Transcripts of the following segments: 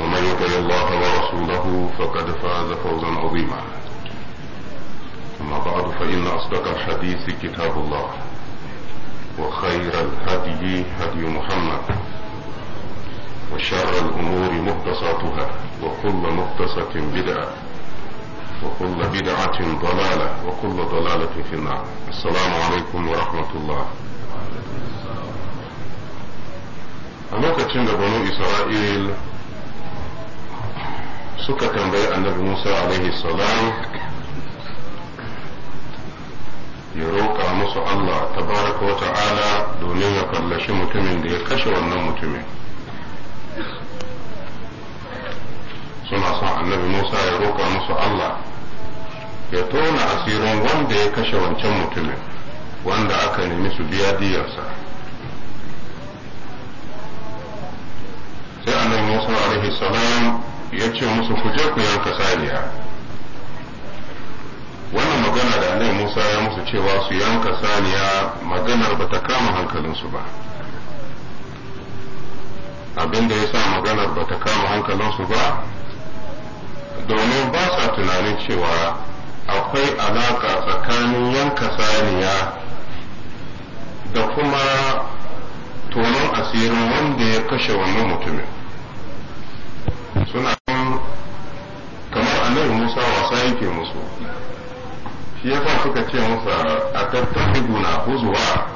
ومن يطع الله ورسوله فقد فاز فوزا عظيما أما بعد فإن أصدق الحديث كتاب الله وخير الهدي هدي محمد وشر الأمور مقتصاتها وكل مقتصة بدعة وكل بدعة ضلالة وكل ضلالة في النار السلام عليكم ورحمة الله a lokacin da banu isra'il suka tambayi annabi Musa alaihi salam ya roƙa musu Allah tabaraka wa ta'ala domin ya fallashi mutumin da ya kashe wannan mutumin suna son annabi Musa ya roƙa musu Allah ya tona asirin wanda ya kashe wancan mutumin wanda aka nemi su biya diyarsa sai annabi Musa alaihi salam ya ce musu ku je ku yanka saniya wannan magana da annabi Musa ya musu cewa su yanka saniya maganar ba ta kama hankalinsu ba abin da ya sa maganar ba ta kama hankalinsu ba domin ba sa tunanin cewa akwai alaka tsakanin yanka saniya da kuma tonon asirin wanda ya kashe wannan mutumin suna kamar annabi Musa wasa yake musu shi yasa suka ce musa a guna huzwa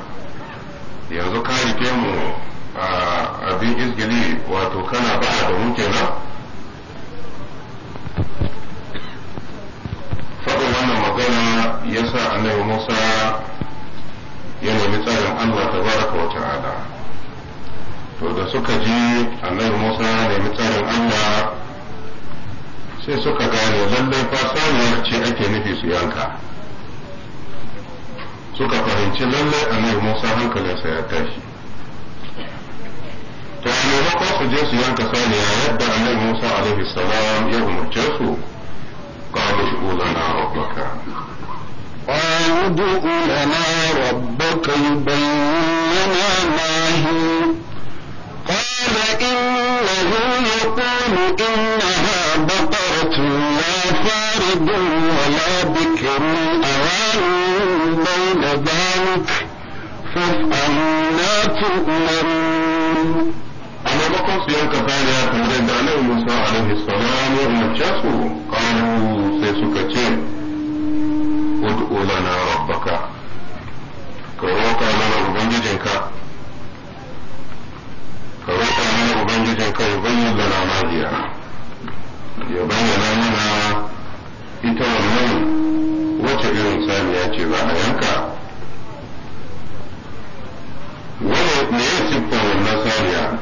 yanzu ka rike mu a abin izgili wato kana ba da mu kenan faɗin wannan magana yasa annabi Musa ya nemi tsarin Allah tabaraka wa ta'ala to da suka ji annabi musa ya yi tsarin allah sai suka gane lallai fa ce ake nufi su yanka suka fahimci lallai annabi musa hankalinsa ya tashi to a maimakon su je su yanka saniya yadda annabi musa alaihi salam ya umarce su قالوا ادعوا لنا ربك قالوا ادعوا لنا ربك يبين لنا anna tu'marun a maimakon su yanka saniya kamar da annabi Musa alaihi salam ya umarce su sai suka ce ud'u lana rabbaka ka roƙa mana ubangijinka ka roƙa mana ubangijinka ya bayyana lana maziya ya bayyana mana ita wannan wace irin saniya ce ba a yanka wani ne ya siffar wannan saniya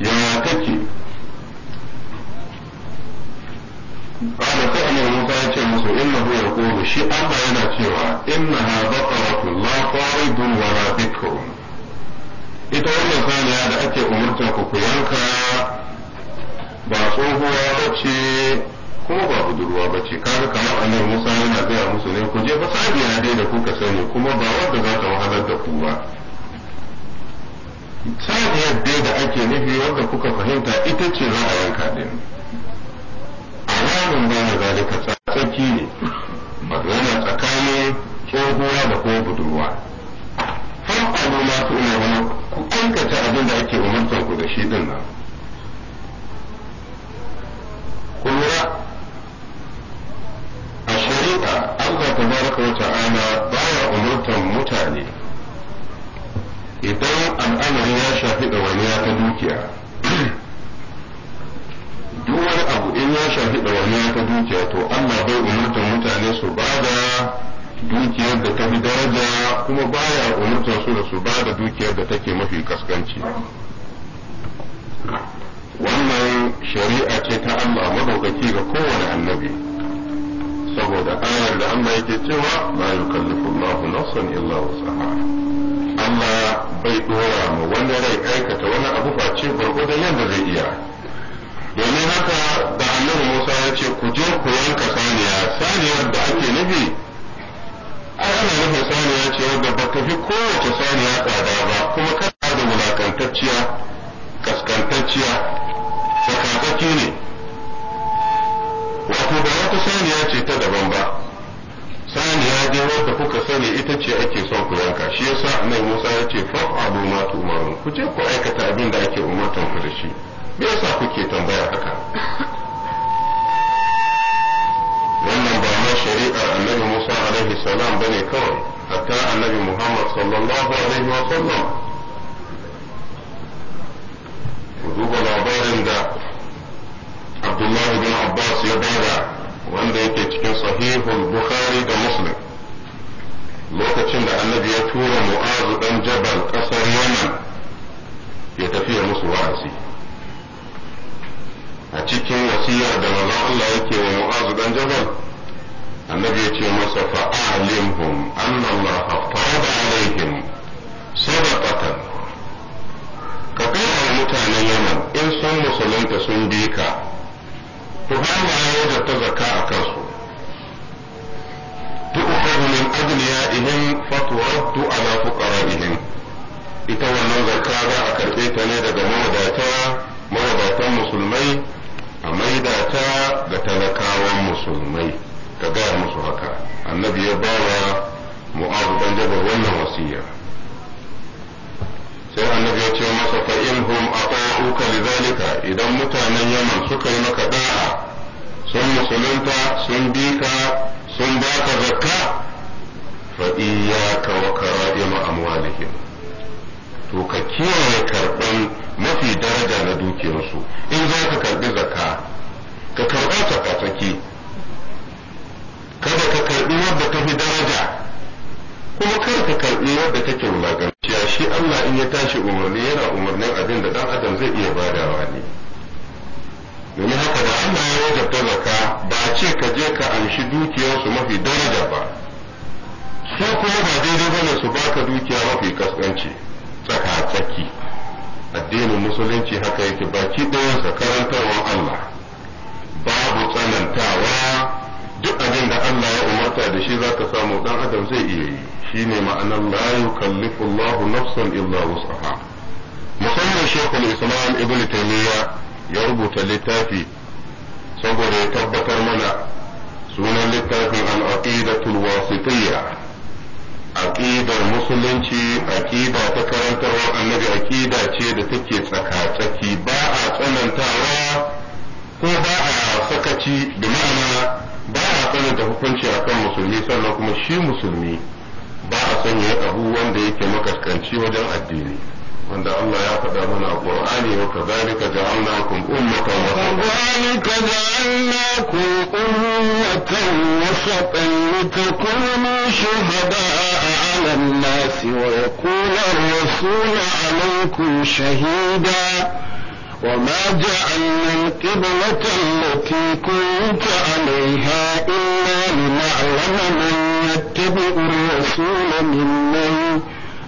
yaya take قال فأنا موسى يتشمس إنه يقول شيء أما يناتيها إنها بقرة لا طارد ولا ita wannan saniya da ake umurtar ku ku yanka ba tsohuwa ba ce kuma ba budurwa ba ce kaga kamar annabi Musa yana gaya musu ne ku je ba saniya dai da kuka sani kuma ba wanda za ta wahalar da ku ba saniyar dai da ake nufi wanda kuka fahimta ita ce za a yanka din alamun ba na zalika tsaki ne magana tsakani tsohuwa da kuma budurwa Har ma su ina wani ku abin da ake umartar ku da shi din nan kuma a shari'a Allah ba baya umartar mutane idan al'amari ya shafi ɗawaniya ta dukiya duk wani abu in ya shafi ɗawaniya ta dukiya to Allah bai umurtar mutane su ba da dukiyar da ta fi daraja kuma baya umurtar su da su ba da dukiyar da take mafi kaskanci wannan shari'a ce ta Allah madaukaki ga kowane annabi saboda ayar da Allah yake cewa la yukallifu Allah nafsan illa wusaha Allah bai dora ma wani rai aikata wani abu face gwargwadon yadda zai iya domin haka da annabi Musa ya ce ku je ku yanka saniya saniyar da ake nufi ai ana nufin saniya ce wanda ba ta fi kowace saniya tsada ba kuma kada da wulakantacciya kaskantacciya sakakaki ne wato ba wata saniya ce ta daban ba saniya dai wadda kuka sani ita ce ake son ku yanka shi yasa annabi Musa ya ce abu ma tu'marun ku je ku aikata abin da ake umartan ku da shi me yasa kuke tambaya haka wannan ba ma shari'ar annabi Musa alaihi salam bane kawai hatta annabi Muhammad sallallahu alaihi wa sallam jabal ƙasar yaman ya tafi ya musu wa'azi a cikin wasiyar da manzon Allah yake wa mu'azu dan jabal annabi ya ce masa fa'alimhum anna Allah farada alaihim sadaqatan ka kai wa mutanen yaman in sun musulunta sun bi ka to ba ya ta zaka a kansu أغنيائهم فترد على فقرائهم ita wannan zakka za a karɓe ta ne daga mawadata mawadatan musulmai a maida ta ga talakawan musulmai ka gaya musu haka annabi ya ba wa mu'azu jabal wannan wasiya sai annabi ya ce masa fa in hum ata'uka lidhalika idan mutanen yaman suka yi maka da'a sun musulunta sun bi ka sun baka zakka wa iyyaka wa kara'im amwalihim to ka kiyaye karban mafi daraja na dukiyarsu in za ka karbi zakka ka karba tsakatsaki kada ka karbi wadda ta fi daraja kuma kar ka karbi wadda take wulaganciya shi Allah in ya tashi umarni yana umarnin abin da dan adam zai iya badawa ne domin haka da Allah ya wajabta zakka ba ce ka je ka amshi dukiyarsu mafi daraja ba su kuma ba daidai ba ne su baka dukiya mafi kaskanci tsaka-tsaki addinin musulunci haka yake baki ɗayansa karantarwar Allah babu tsanantawa duk abin da Allah ya umarta da shi zaka samu dan adam zai iya yi shine ma'anar la yukallifu Allah nafsan illa wus'aha musamman shekul islam ibn taymiya ya rubuta littafi saboda ya tabbatar mana sunan littafin al-aqidatul wasitiyya aƙidar musulunci aƙida ta karantarwa annabi aƙida ce da take tsaka-tsaki ba a tsanantawa ko ba a sakaci da ma'ana ba a tsananta hukunci akan musulmi sannan kuma shi musulmi ba a sanya abu wanda yake makaskanci wajen addini عند الله ya faɗa mana a Qur'ani wa وكذلك جعلناكم أمة وسطا لتكونوا شهداء على الناس ويكون الرسول عليكم شهيدا وما جعلنا القبلة التي كنت عليها إلا لنعلم من يتبع الرسول ممن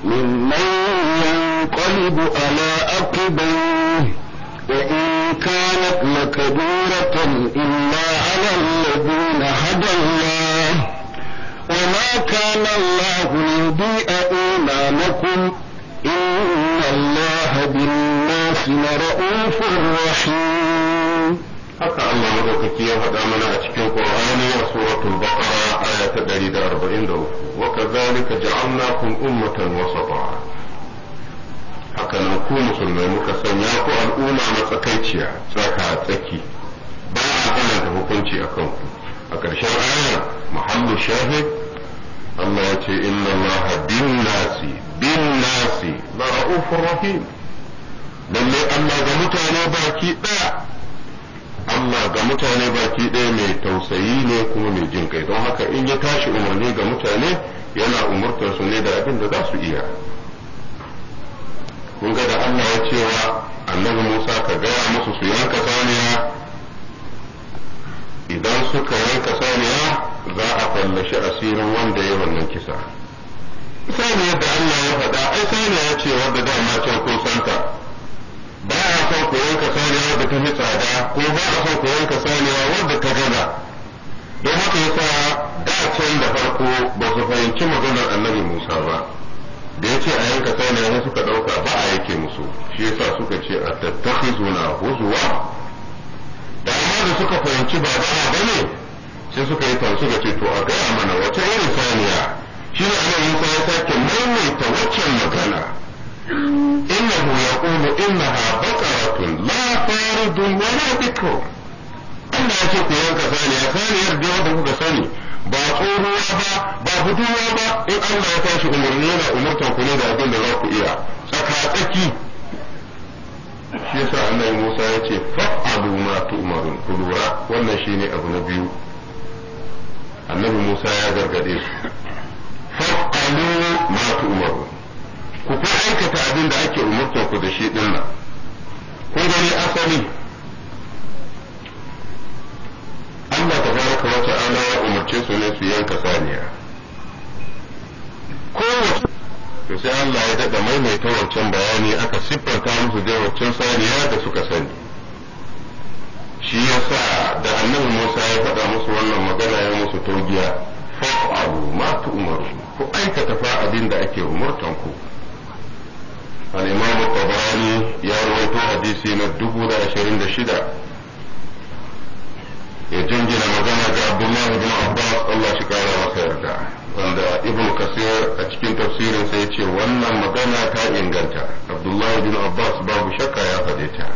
ممن ينقلب على عقبيه وإن كانت لكبيرة إلا على الذين هدى الله وما كان الله ليضيء إيمانكم إن الله بالناس لرؤوف رحيم haka Allah madaukaki ya faɗa mana a cikin ƙur'ani a suratul Baqara aya ta 143 wa kadhalika ja'alnakum ummatan wasata sannan ku musulmai muka sanya ku al'umma matsakaiciya tsaka tsaki ba a da hukunci a kanku a ƙarshen ayar muhammad shahid Allah ya ce inna Allah bin nasi bin nasi la ra'ufur rahim lalle Allah ga mutane baki ɗaya Allah ga mutane baki ɗaya mai tausayi ne kuma mai jin kai don haka in ya tashi umarni ga mutane yana umurtar su ne da abin da za su iya kun ga da Allah ya cewa annabi Musa ka gaya musu su yanka saniya idan suka yanka saniya za a fallashi asirin wanda ya wannan kisa saniyar da Allah ya faɗa ai saniya ce da dama can kun santa ba a son ku yanka saniya da ta fi tsada ko ba a son ku yanka saniya wanda ta gaza don haka yasa da can da farko ba su fahimci maganar annabi Musa ba da ya ce a yanka kai ne wasu suka ɗauka ba a yake musu shi yasa suka ce a zuna huzuwa da amma da suka fahimci ba da bane sai suka yi tansu da ce to a gaya mana wace irin saniya shi ne annabi Musa ya sake maimaita waccan magana innahu yaqulu innaha baqaratun la faridun wa la bikr Allah ya ce ku yanka saniya saniyar da kuka sani ba tsoruwa ba ba budurwa ba in Allah ya tashi umarni yana umartan ku ne da abin da za ku iya tsaka tsaki shi yasa annabi Musa ya ce fa'alu ma tu'marun ku lura wannan shine abu na biyu annabi Musa ya gargade su fa'alu ma tu'marun ku fa aikata abin da ake umartan ku da shi dinnan kun gani asali Allah ta tabaraka wa ta'ala ya umarce su ne su yanka saniya Ko to sai Allah ya daɗa maimaita wancan bayani aka siffanta musu da wancan saniya da suka sani shi yasa da annabi Musa ya faɗa musu wannan magana ya musu togiya fa'alu ma tu'maru ku aikata fa abin da ake umurtan ku al-imam ya rawaito hadisi na shida. ya jingina magana ga Abdullahi ibn Abbas Allah shi kara masa yarda wanda Ibn Kasir a cikin tafsirin sai ce wannan magana ta inganta Abdullahi ibn Abbas babu shakka ya faɗe ta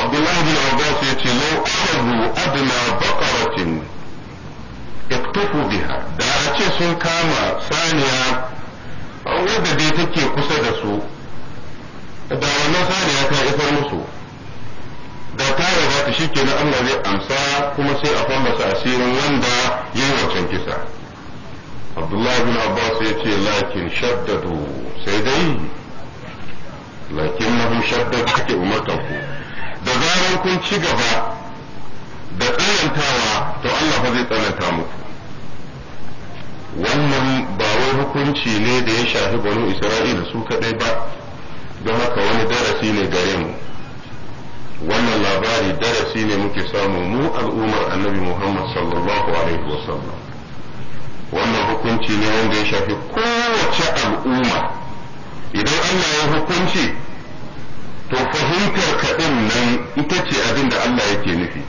Abdullahi ibn Abbas ya ce lau akhadhu adna baqaratin iktufu biha da a ce sun kama saniya wadda dai take kusa da su da wannan saniya ta ifar musu da tayar yarda ta shi na Allah zai amsa kuma sai a fambasa asirin wanda ya yi wancan kisa Abdullahi bin Abbas ya ce lakin shaddadu sai dai lakin na shaddadu ake umarta ku da zaran kun ci gaba da tsanantawa to Allah fa zai tsananta muku wannan ba wai hukunci ne da ya shafi banu Isra'ila su kadai ba don haka wani darasi ne gare mu wannan labari darasi ne muke samu mu al'ummar annabi Muhammad sallallahu alaihi wasallam wannan hukunci ne wanda ya shafi kowace al'umma idan Allah ya hukunci to fahimtar kaɗin nan ita ce abin da Allah yake nufi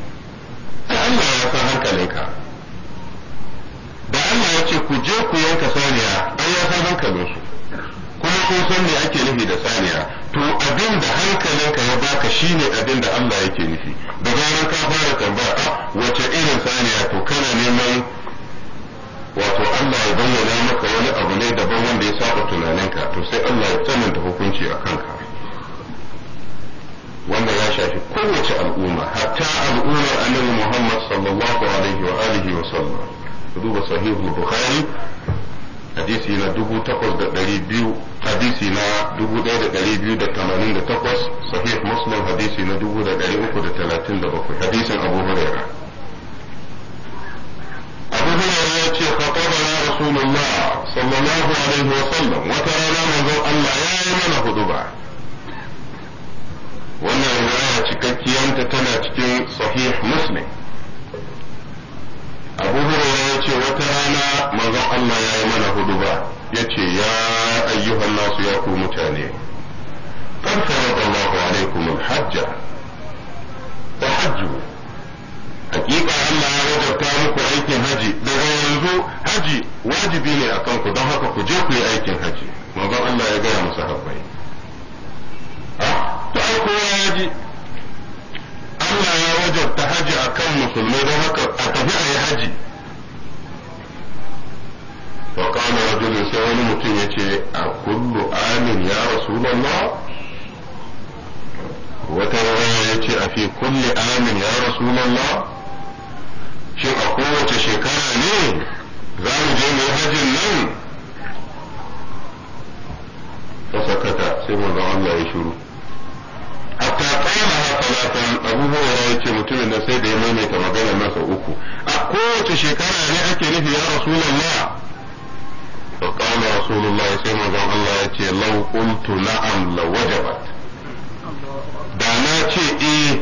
sai Allah ya san hankalinka da Allah ya ce ku je ku yanka saniya an ya san hankalinsu kuma kun san me ake nufi da saniya to abin da hankalinka ya baka shine abin da Allah yake nufi da zaran ka fara tambaya a ah, wace irin saniya to kana neman wato Allah ya bayyana maka wani abu ne daban wanda ya saba tunaninka to sai Allah ya tsananta hukunci a kanka wanda ya shafi kowace al'umma hatta al'ummar annabi Muhammad sallallahu alaihi wa alihi wa sallam duba sahihul bukhari hadisi na dubu takwas da ɗari biyu hadisi na dubu ɗaya da ɗari biyu da tamanin da takwas sahih muslim hadisi na dubu uku da talatin da hadisin abu huraira abu huraira ya ce khatabana rasulullah sallallahu alaihi wa sallam wata rana manzon Allah ya yi mana ba. wannan yi cikakkiyanta tana cikin sahih muslim ce wata rana manzon Allah ya yi mana hudu ba ya ce ya ayyuhan nasu ya ku mutane قد فرض الله hajja الحج hajju hakika Allah ya wajabta muku aikin haji daga yanzu haji wajibi ne a kanku don haka ku je ku yi aikin haji manzon Allah ya gaya masa haɓai ah, to ai kowa ya ji Allah ya wajabta haji akan musulmai don haka a tafi a yi haji wa qala rajulun sai wani mutum yace a kullu amin ya rasulullah wata rawaya yace a fi kulli amin ya rasulullah shin a kowace shekara ne za mu je mu hajjin nan fasakata sai manzon Allah ya shiru hatta qala salatan Abu Hurairah yace mutumin nan sai da ya maimaita magana nasa uku a kowace shekara ne ake nufi ya Rasulullah فقال رسول الله سيما زم الله يتي لو قلت نعم لوجبت دانا تي إيه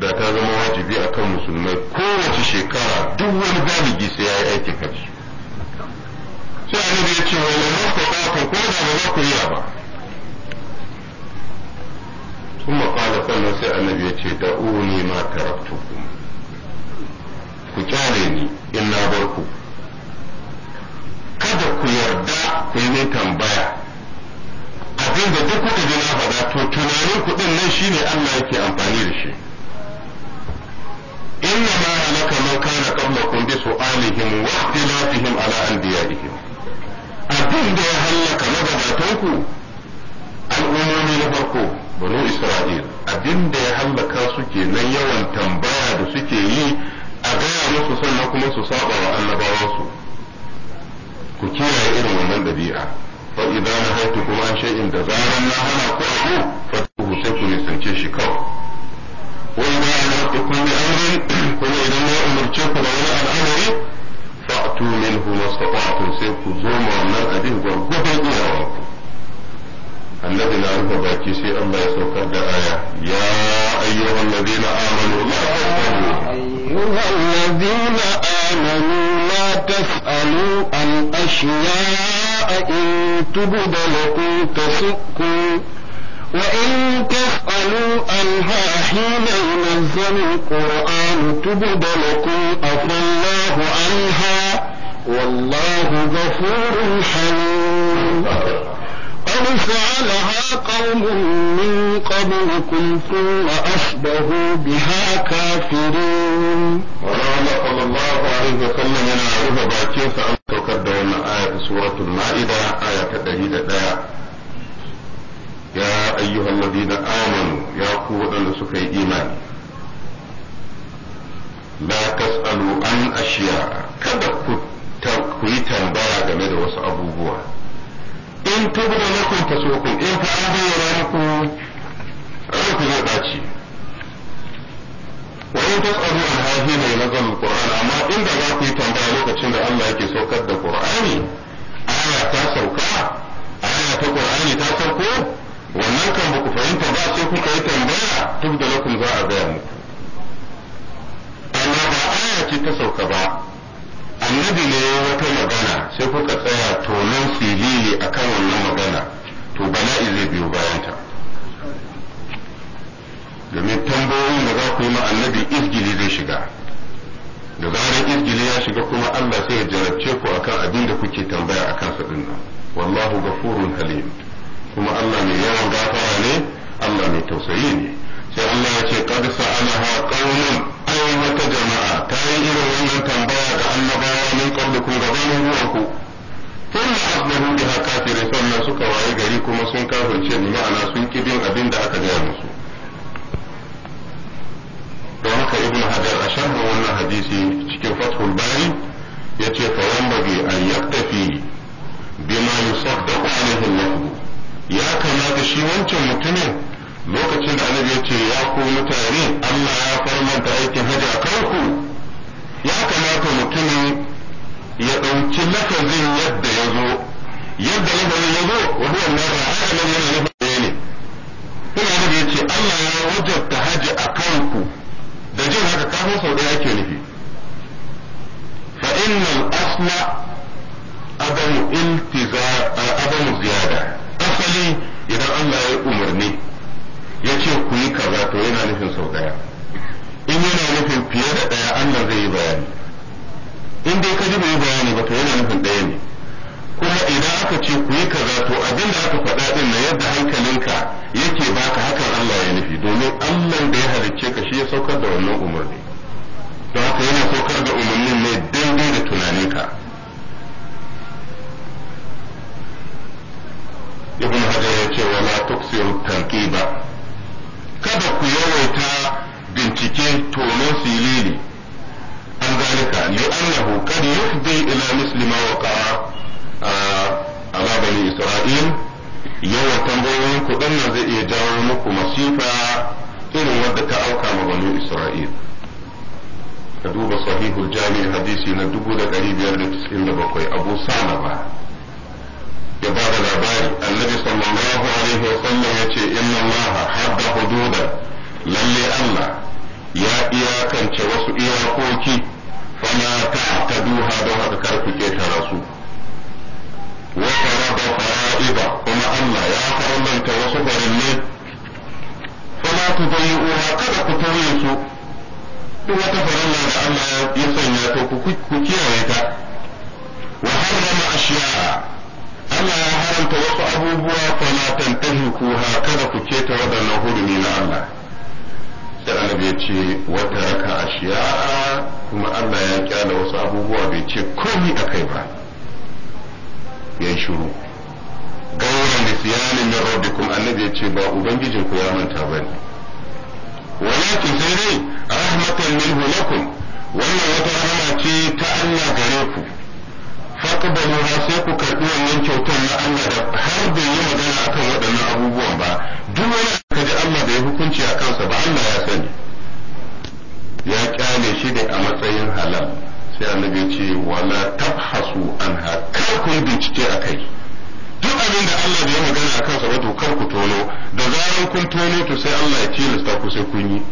da ta zama wajibi a musulmai kowace shekara duk wani baligi sai ya yi aikin hajji sai annabi da ba ku ba sai annabi da uni ni in na bar ku kada ku yarda ku yi tambaya abin da duk kuka ji faɗa to tunanin kuɗin nan shine Allah yake amfani da shi inna ma halaka man kana kun bi su'alihim wa ihtilafihim ala anbiya'ihim abin da ya halaka magabatanku al'ummomi na farko banu isra'il abin da ya halaka su nan yawan tambaya da suke yi a gaya musu sannan kuma su saba wa annabawansu ku kiyaye irin wannan dabi'a fa idza nahaytukum an shay'in da zaran na hana ku abu fa ku sai ku nisance shi kawai wa idza amartukum bi amrin kuma idan na umarce ku da wani al'amari fa'tu minhu mastata'tum sai ku zo ma wannan abin gwargwadon ku annabi na rufe baki sai an bai saukar da aya ya ayyuhal ladina amanu la taqulu ayyuhal ladina amanu تسألوا عن أشياء إن تبد لكم تسؤكم وإن تسألوا عنها حين ينزل القرآن تبد لكم عفى الله عنها والله غفور حليم قد فعلها قوم من قبلكم ثم أشبهوا بها كافرين وقال صلى الله عليه وسلم أنا أعرف باكين سألتك الدون آية سورة المائدة آية تدهيد يا أيها الذين آمنوا يا قوة لسكي إيمان لا تسألوا عن أشياء كذا كنت ku yi tambaya game da wasu abubuwa in tubdu lakum ku in fa an bayyana muku ranku zai dace wa in tasalu an hahi mai nazar alquran amma inda za ku yi tambaya lokacin da Allah yake saukar da qur'ani aya ta sauka aya ta qur'ani ta sauko wannan kan ba ku fahimta ba sai kuka yi tambaya tubdu lakum za a gaya muku amma ba aya ce ta sauka ba annabi ne ya wata magana sai kuka tsaya tonon filili akan wannan magana to bala'i zai biyo bayanta domin tambayoyin da za ku yi ma annabi izgili zai shiga da zarar izgili ya shiga kuma Allah sai ya jarabce ku akan abin da kuke tambaya a kan din nan wallahu gafurun halim kuma Allah mai yawan gafara ne Allah mai tausayi ne sai Allah ya ce ana sa'alaha qaumun ai wata jama'a ta yi irin wannan tambaya ga annabawa min qablikum gabanin ruwanku tun da asbahu biha kafirin sannan suka waye gari kuma sun kafirce ni ma'ana sun kibin abin da aka gaya musu don haka ibn hajar a sharhin wannan hadisi cikin fathul bari yace fa yanbaghi an yaktafi bima da alaihi al ya kamata shi wancan mutumin lokacin da annabi ya ce ya ku mutane Allah ya farmanta aikin hajji a kanku ya kamata mutumin ya ɗauki lafazin yadda ya zo yadda lafazin ya zo wani huwa ba a ne yana nufin ɗaya ne kuma annabi ya ce Allah ya wajabta hajji a kanku da jin haka kafin sau ɗaya ke nufi fa asma asla adamu iltiza adamu ziyada asali idan Allah ya umarni ya ce ku yi kaza to yana nufin sau daya in yana nufin fiye da daya Allah zai yi bayani in dai ka ji bai yi bayani ba to yana nufin daya ne kuma idan aka ce ku yi kaza to abin da aka faɗa din na yadda hankalinka yake baka hakan Allah ya nufi domin Allah da ya halicce ka shi ya saukar da wannan umarni don haka yana saukar da umarnin ne daidai da tunaninka ibn hajar ya ce wala tuksiru tanqiba kada ku yawaita bincike tono silili an zalika li'annahu kad yufdi ila muslima wa qa'a a bani isra'il yawan tambayoyin ku nan zai iya jawo muku masifa irin wadda ta auka ma banu isra'il ka duba sahihul jami' hadisi na 1597 abu salama ya ba da labari annabi sallallahu alaihi wa sallam ya ce inna allaha hadda hududa lalle allah ya iyakance wasu iyakoki fala ta'taduha don haka kar ku ketara su wa farada fara'ida kuma allah ya farlanta wasu farillai fala uwa kada ku tauye su duk wata farilla da allah ya sanya to ku kiyaye ta wa harrama ashiya'a Allah ya haramta wasu abubuwa fala tantahiku ha kada ku keta waɗannan hurumi na Allah sai annabi ya ce wata raka a ashiya kuma Allah ya kyala wasu abubuwa bai ce a kai ba ya shiru gauran na min kuma annabi ya ce ba ubangijin ku ya manta ba ne. walakin sai dai rahmatan minhu lakum wannan wata rahama ce ta Allah gare ku faƙubaluwa sai ku karɓi wannan kyautar na Allah da har bai yi magana akan waɗannan abubuwan ba duk wani aka ji Allah da ya hukunci a kansa ba Allah ya sani ya kyale shi da a matsayin halal sai annabi ce wala tabhasu anha kar ku bincike akai duk abin da Allah da ya magana a kansa ba to kar ku tono da zaran kun tono to sai Allah ya tilasta ku sai kun yi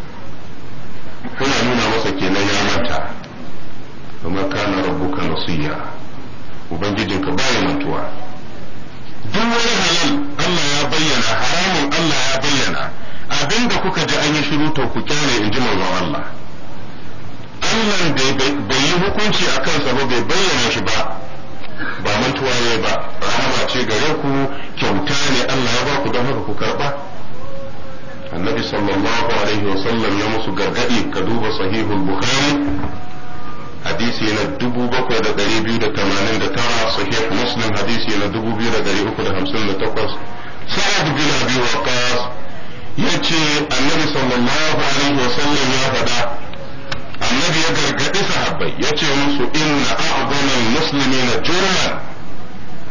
kuna nuna masa kenan ya manta kuma kana rabbuka nasiya ubangijin ka baya mantuwa duk wani halal Allah ya bayyana haramun Allah ya bayyana abinda kuka ji an yi shiru to ku kyale in ji manzon Allah Allah bai yi hukunci a kansa ba bai bayyana shi ba ba mantuwa ne ba rahama ce gare ku kyauta ne Allah ya ba ku don haka ku karba annabi sallallahu alaihi sallam ya musu gargadi ka duba sahihul bukhari hadisi na 7289 sahih muslim hadisi na 2358 sa'ad bin abi waqas yace annabi sallallahu alaihi wasallam ya faɗa annabi ya gargaɗi sahabbai yace musu inna a'zamal muslimina jurman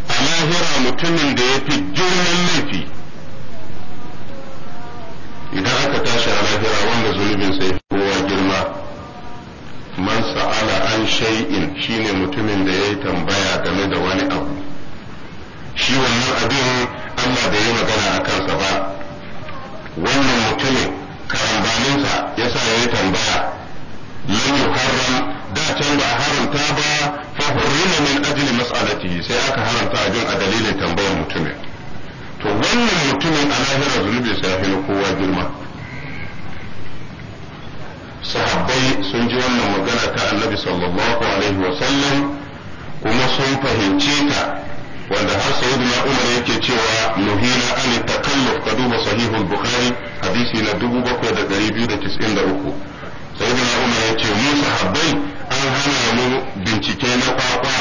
a lahira mutumin da ya fi girman laifi idan aka tashi a lahira wanda zunubin sai kowa girma man sa'ala an shay'in shine mutumin da yayi tambaya game da wani abu shi wannan abin Allah da yi magana a kansa ba wannan mutumin karambaninsa ya sa ya yi tambaya lam yukarram da can ba haramta ba fa hurrima min ajli mas'alatihi sai aka haramta abin a dalilin tambayar mutumin to wannan mutumin a lahira zunubi sai ya kowa girma sahabbai sun ji wannan magana ta annabi sallallahu alaihi wa sallam, kuma sun fahimce ta wanda har sayyidina umar yake cewa nuhina an takalluf ka duba sahihul bukhari hadisi na 7293 sayyidina umar ya ce mu sahabbai an hana mu bincike na kwakwa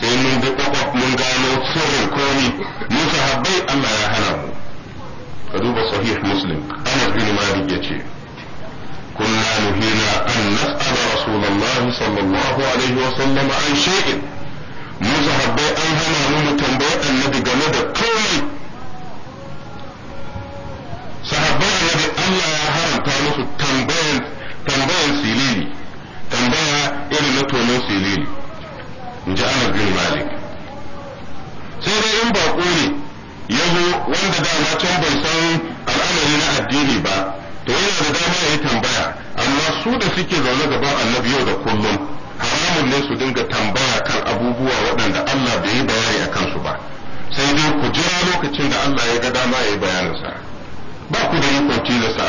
sai mun bi kwakwa mun gano sirrin komi mu sahabbai Allah ya hana mu ka duba sahih muslim Anas bin Malik ya ce كنا نهينا أن نسأل رسول الله صلى الله عليه وسلم عن شيء مزهر بأنها نمتن بأن نبي جمد كومي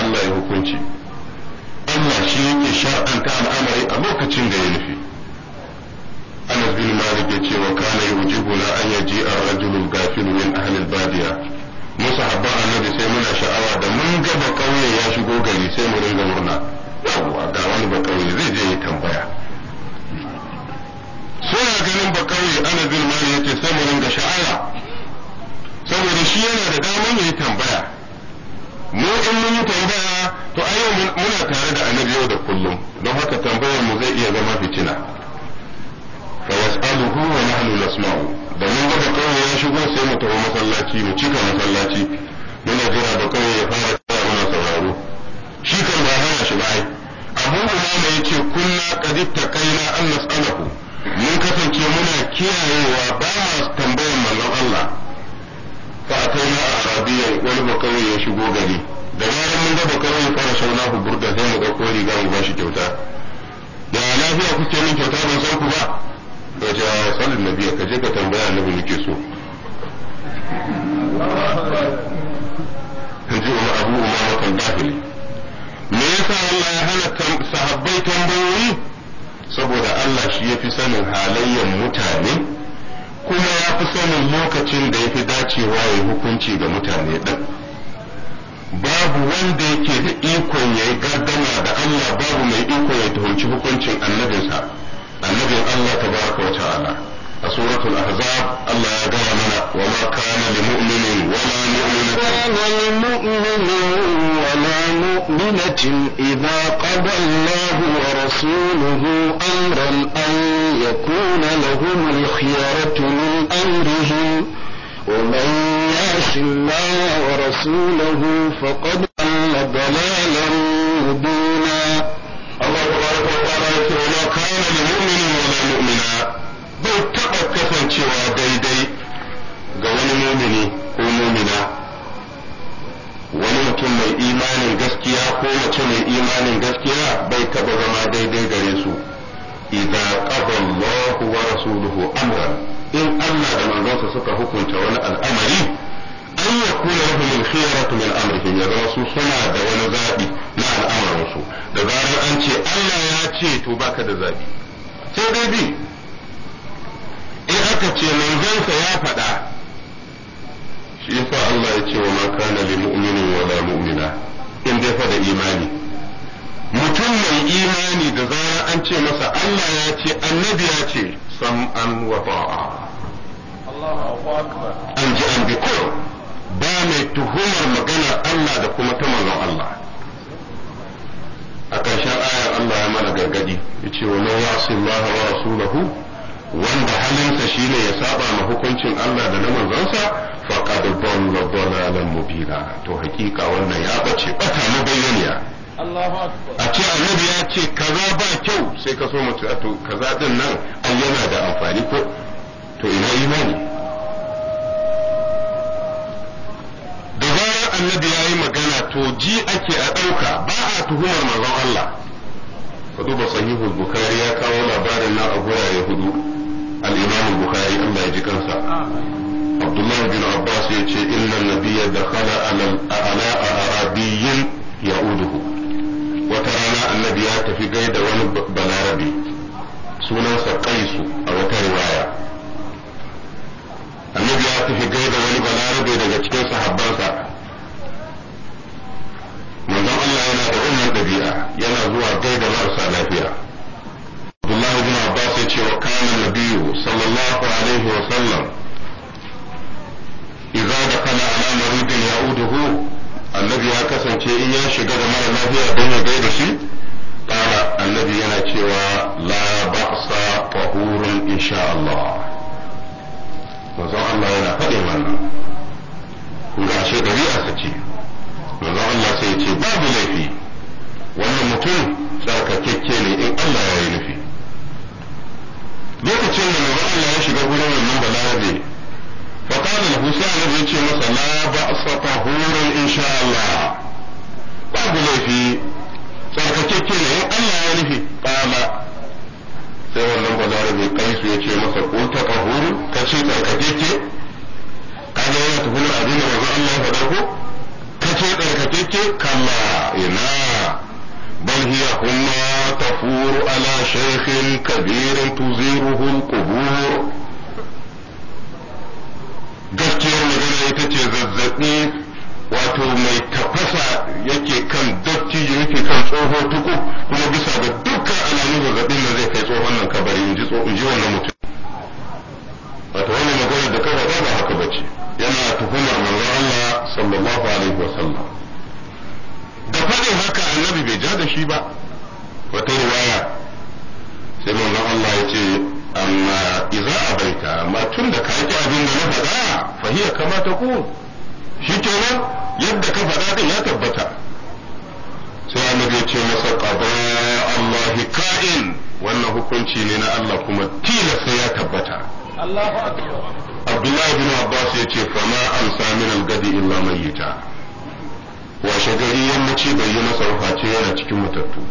没有关系。khiyaratu min amrihim ya zama suna da wani zabi na al'amarin su da zarar an ce Allah ya ce to baka da zabi sai dai bi in aka ce manzansa ya faɗa shi yasa Allah ya ce wa ma kana lil mu'minin wa la mu'mina in dai fa da imani mutum mai imani da zarar an ce masa Allah ya ce annabi ya ce sam'an wa ta'a Allahu akbar an ji an bi kullum ba mai tuhumar magana. Allah da kuma ta manzon Allah a ƙarshen ayar Allah ya mana gargadi ce wa man yasin Allah wa rasulahu wanda halinsa shine ya saba ma hukuncin Allah da na manzonsa faqad dalla dalalan mubina to hakika wannan ya bace bata mabayyaniya a ce annabi ya ce kaza ba kyau sai ka so mutu to kaza din nan ai yana da amfani ko to ina imani annabi ya yi magana to ji ake a ɗauka ba a tuhumar manzon Allah ka duba sahihu bukari ya kawo labarin na a gurare hudu al bukari Allah ya ji kansa Abdullahi bin Abbas ya ce inna nabiyya dakhala ala arabiyyin uduhu wata rana annabi ya tafi da wani balarabi sunansa kaisu a wata riwaya annabi ya tafi da wani balarabe daga cikin sahabbansa manzon Allah yana da wannan ɗabi'a yana zuwa gaida marasa lafiya Abdullahi bin Abbas ya ce wa kana nabiyyu sallallahu alaihi wa sallam idza dakala ala maridin ya'uduhu annabi ya kasance in ya shiga da mara lafiya don ya gaida shi kala annabi yana cewa la ba'sa tahurun insha Allah manzon Allah yana faɗin wannan kun ga ashe ɗabi'a sace manzo Allah sai ya ce babu laifi wannan mutum tsarkakekke ne in Allah ya yi nufi lokacin da mai Allah ya shiga gurin wannan balarabe fa qala lahu sai Allah ya ce masa la ba'sa tahurun insha Allah babu laifi tsarkakekke ne in Allah ya nufi kama. sai wannan balarabe su ya ce masa ko ta tahurun kace tsarkakekke kaga yana tuhumar abin da manzo Allah ya faɗa ko ke ce kama ina bal hiya humma tafuru ala shaykhin kabirin tuziruhu magana ita ce zazzabi wato mai tafasa yake kan dattijo yake kan tsoho tuku kuma bisa ga dukkan alamun zazzabin da zai kai tsohon nan kabari in ji wannan mutum wato wannan magana da kafa ba haka bace yana tuhumar manzo Allah sallallahu alaihi sallam da faɗin haka annabi bai ja da shi ba wata riwaya sai manzon Allah ya ce amma iza abaita amma tun da ka ki abin da na faɗa hiya kama ta ku shi kenan yadda ka faɗa din ya tabbata sai annabi ya ce masa qada Allah ka'in wannan hukunci ne na Allah kuma tilasta ya tabbata Abdullahi bin Abbas ya ce fama amsa min al-gadi illa mayyita washe gari mace bai yi masa face yana cikin matattu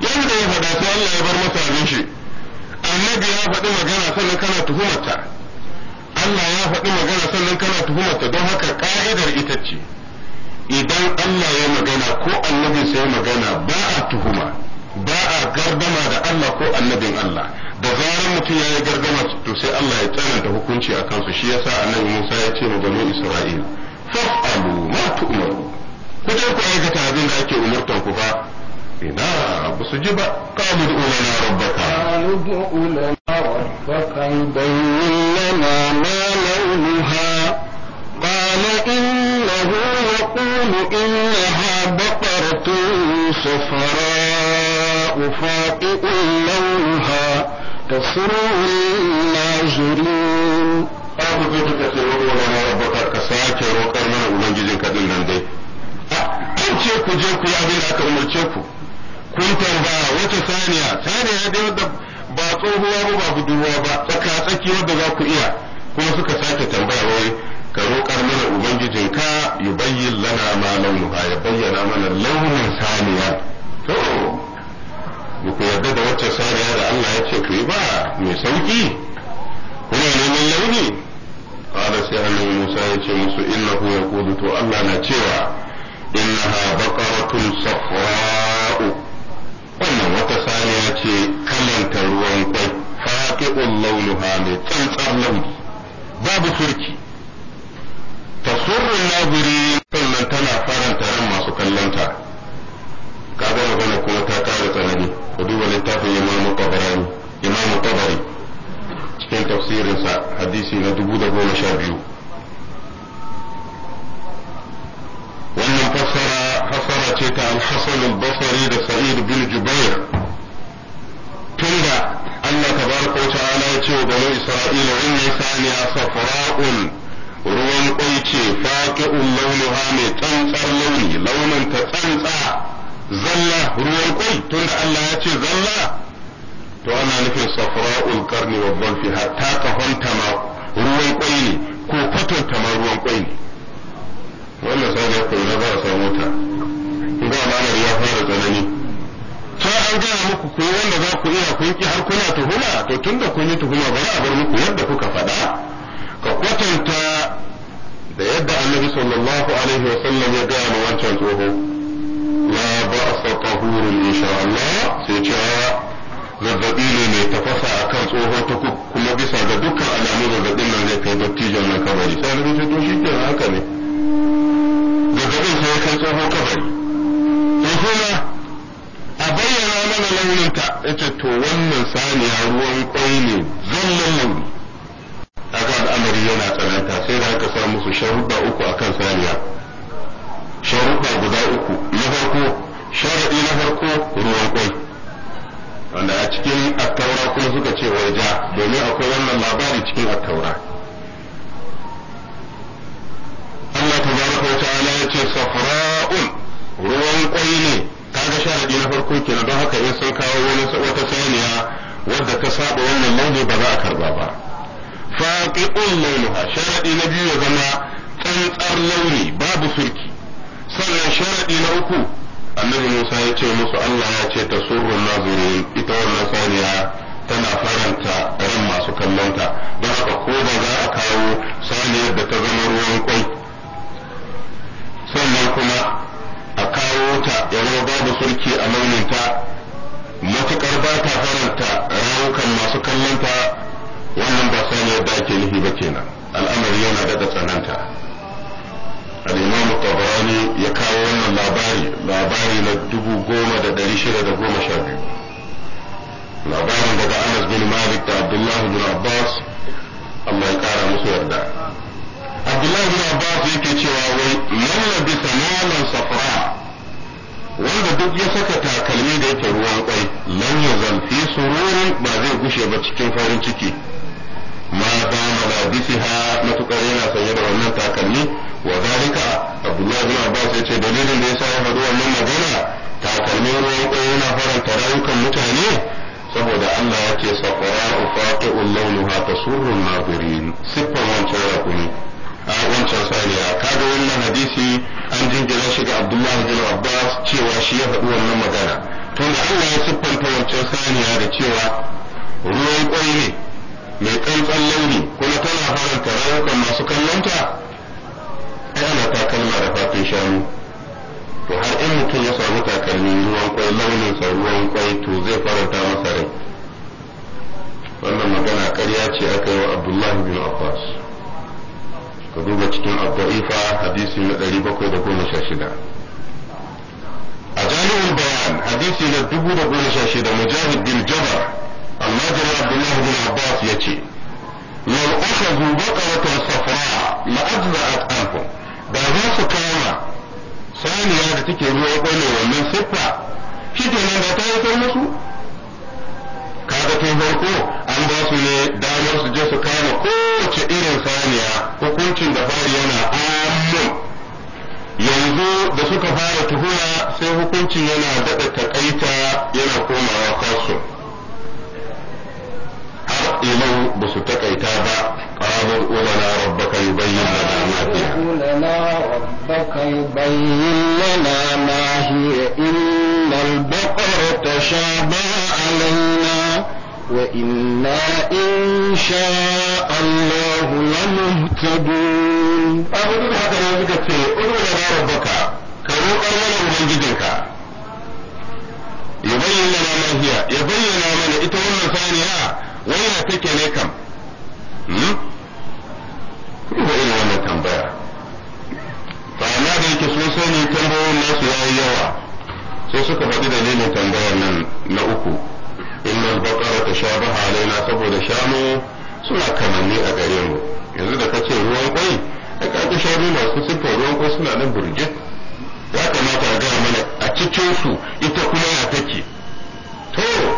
yadda ya faɗa sai Allah ya bar masa abin shi annabi ya faɗi magana sannan kana tuhumarta Allah ya faɗi magana sannan kana tuhumarta don haka ƙa'idar ita ce idan Allah ya magana ko annabi sai magana ba a tuhuma ba a gardama da Allah ko annabin Allah da zarar mutum ya yi gardama to sai Allah ya tsananta hukunci a kansu shi yasa annabi Musa ya ce ma bani Isra'il fa'alu ma tu'maru ku je ku aikata abin da ake umurtan ku fa ina ba su ji ba qalu lana rabbaka qalu lana rabbaka lana ma launuha qala innahu yaqulu innaha baqaratun safara السماء فاطئ لونها تسر الناظرين Aku ce ka sake roƙar mana Ubangijin kaɗin nan dai. An ce ku je ku yi abin da aka umarce ku. Kun tambaya wata saniya, saniya dai wadda ba tsohuwa ba ba budurwa ba tsaka-tsaki wadda za ku iya. Kuma suka sake tambaya wai ka roƙar mana Ubangijin ka yi bayyin lana ma ya bayyana mana launin saniya. To, ku yarda da wacce sariya da Allah ya ce ku yi ba mai sauki kuna neman launi qala sai hannun Musa ya ce musu innahu ya to Allah na cewa ha baqaratun safra'u wannan wata saniya ce kalanta ruwan kwai faqi'ul launuha mai tsantsar launi babu furki tasurrun nazuri sannan tana faranta ran masu kallonta kaga magana kuma ta kara tsanani ku duba littafin imamu tabarani imamu tabari cikin tafsirinsa hadisi na dubu da goma sha wannan fassara fassara ce ta alhassan al da sa'idu bin jubair tunda Allah tabaraka wa ta'ala ya ce wa bani isra'ila wannan saniya safra'un ruwan kwai ce faqi'un launiwa mai tsantsar launi launin ta tsantsa zalla ruwan kwai tun da Allah ya ce zalla to ana nufin safra'ul karni wa fiha ta kafanta ma ruwan kwai ne ko fatonta ma ruwan kwai ne wannan sai da kai na za a samu ta ga alamar ya fara tsanani to an gaya muku ku wanda za ku iya kun ki har kuna tuhuma to tunda kun yi tuhuma bari a bar muku yadda kuka faɗa ka kwatanta da yadda annabi sallallahu alaihi wa ya gaya ma wancan tsoho fatahurun insha ah, zazzabi ne mai tafasa a tsoho ta bisa ga dukkan alamu zazzabin nan zai kai dattijon nan kabari a bayyana mana launinta ita wannan saniya ruwan kwai ne zallan launi yana tsananta sai da aka sa musu sharuɗa uku saniya sharuɗa guda uku na farko sharaɗi na farko ruwan kwai wanda a cikin attaura kuma suka ce wai ja domin akwai wannan labari cikin attaura Allah ta baraka ta ta'ala ya ce safra'un ruwan kwai ne kaga sharaɗi na farko na don haka in sun kawo wani wata saniya wadda ta saba wannan launi ba za a karba ba faqi'un launuha sharaɗi na biyu ya zama tsantsar launi babu surki sannan sharaɗi na uku annabi Musa ya ce musu Allah ya ce ta surun nazirin ita wannan saniya tana faranta ran masu kallonta don haka ko ba za a kawo saniyar da ta zama ruwan kwai sannan kuma a kawo ta ya zama babu sulki a launinta matukar ba ta faranta rayukan masu kallonta wannan ba saniyar da ake nufi ba kenan al'amari yana daga tsananta al-imam tabarani ya kawo wannan labari labari na dubu goma da ɗari shida da goma sha biyu labarin daga anas bin malik da abdullahi bin abbas allah ya kara musu yarda abdullahi bin abbas yake cewa wai malla bi sanalan safra wanda duk ya saka takalmi da yake ruwan kwai lan yazal fi sururin ba zai gushe ba cikin farin ciki ma dama labisiha matukar yana sanye da wannan takalmi wa zalika abdullahi bin ya ce dalilin da yasa ya faɗi wannan magana takalmin ruwan ƙwai yana faranta rayukan mutane saboda Allah ya ce safara'u fati'un launuha tasurrun nadirin siffar wancan rakumi a wancan saniya kaga wannan hadisi an jingina shi ga abdullahi bin cewa shi ya faɗi wannan magana tun Allah ya siffanta wancan saniya da cewa ruwan ƙwai ne mai tsantsan launi kuma tana faranta rayukan masu kallonta ta kalma da fatin shanu to har in mutum ya samu takalmi ruwan kwai launin sa ruwan kwai to zai faranta masa rai wannan magana ƙarya ce aka yi wa abdullahi bin abbas ka duba cikin abdu'ifa hadisi na ɗari bakwai da goma sha shida. a jami'in bayan hadisi na dubu da goma shida mujahid bin jabar almajar abdullahi bin abbas ya ce لو أخذوا بقرة صفراء لأجزأت أنفهم da za su kama saniya da take ruwa kwallo wannan siffa shi ke nan ba ta haifar musu kaga tun farko an ba su ne damar su je su kama kowace irin saniya hukuncin da fari yana amun yanzu da suka fara tuhuma sai hukuncin yana daɗa takaita yana komawa kasu. إذا بستكيتا قالوا ادع ربك يبين لنا ما هي ادع ربك يبين لنا ما هي إن البقر تشابه علينا وإنا إن شاء الله لمهتدون أقول لك هذا لك ادع لنا ربك كروك الله من يبين لنا ما هي يبين لنا إتولى هي wai na take ne kam hmm? kuma irin wannan tambaya a amma da yake sun sani tambayoyin nasu yayi yawa sai suka faɗi dalilin tambayar nan na uku inna al-baqara tashabaha alaina saboda shanu suna kamanni a gare mu yanzu da kace ruwan kwai da kaga shanu masu siffar ruwan kwai suna nan burjit ya kamata a gaya mana a cikin su ita kuma ya take to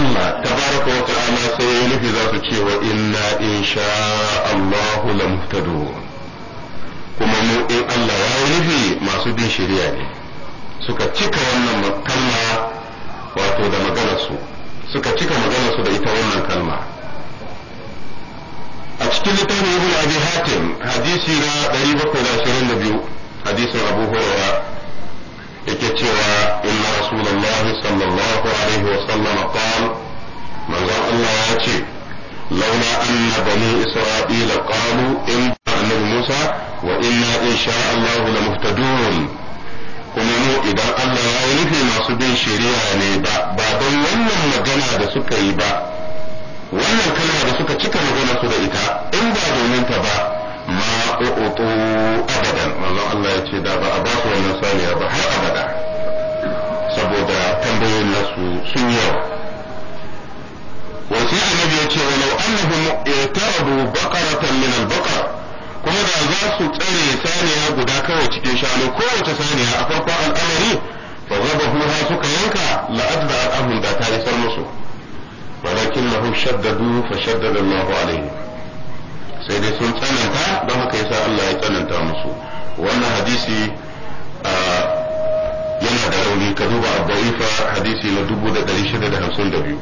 Allah tabaraka wa ta'ala sai ya nufi za su ce wa inna insha Allahu la muhtadun kuma mu in Allah ya yi nufi masu bin shari'a ne suka cika wannan kalma wato da maganar su suka cika maganar su da ita wannan kalma a cikin littafin Ibn Abi Hatim hadisi na 722 hadisin Abu Hurairah yake cewa inna rasulullahi sallallahu alaihi wa sallam qal manzon Allah ya ce laula anna bani isra'ila qalu in annabi Musa wa inna insha Allah la muhtadun kuma mu idan Allah ya yi nufi masu bin shari'a ne ba ba don wannan magana da suka yi ba wannan kalma da suka cika magana su da ita in ba domin ta ba utu abadan manzon Allah ya ce da ba a ba su wannan saniya ba har abada saboda tambayoyin nasu sun yawa wasu annabi ya ce walau annahum i'taradu baqaratan min al kuma da za su tsare saniya guda kawai cikin shanu kowace saniya a farkon al'amari fa zabahuha suka yanka la'adda al'ahum da ta isar musu walakin lahum shaddadu fa shaddada Allahu sai dai sun tsananta don haka yasa Allah ya tsananta musu wannan hadisi yana da rauni ka duba abdaifa hadisi na dubu da shida da hamsin da biyu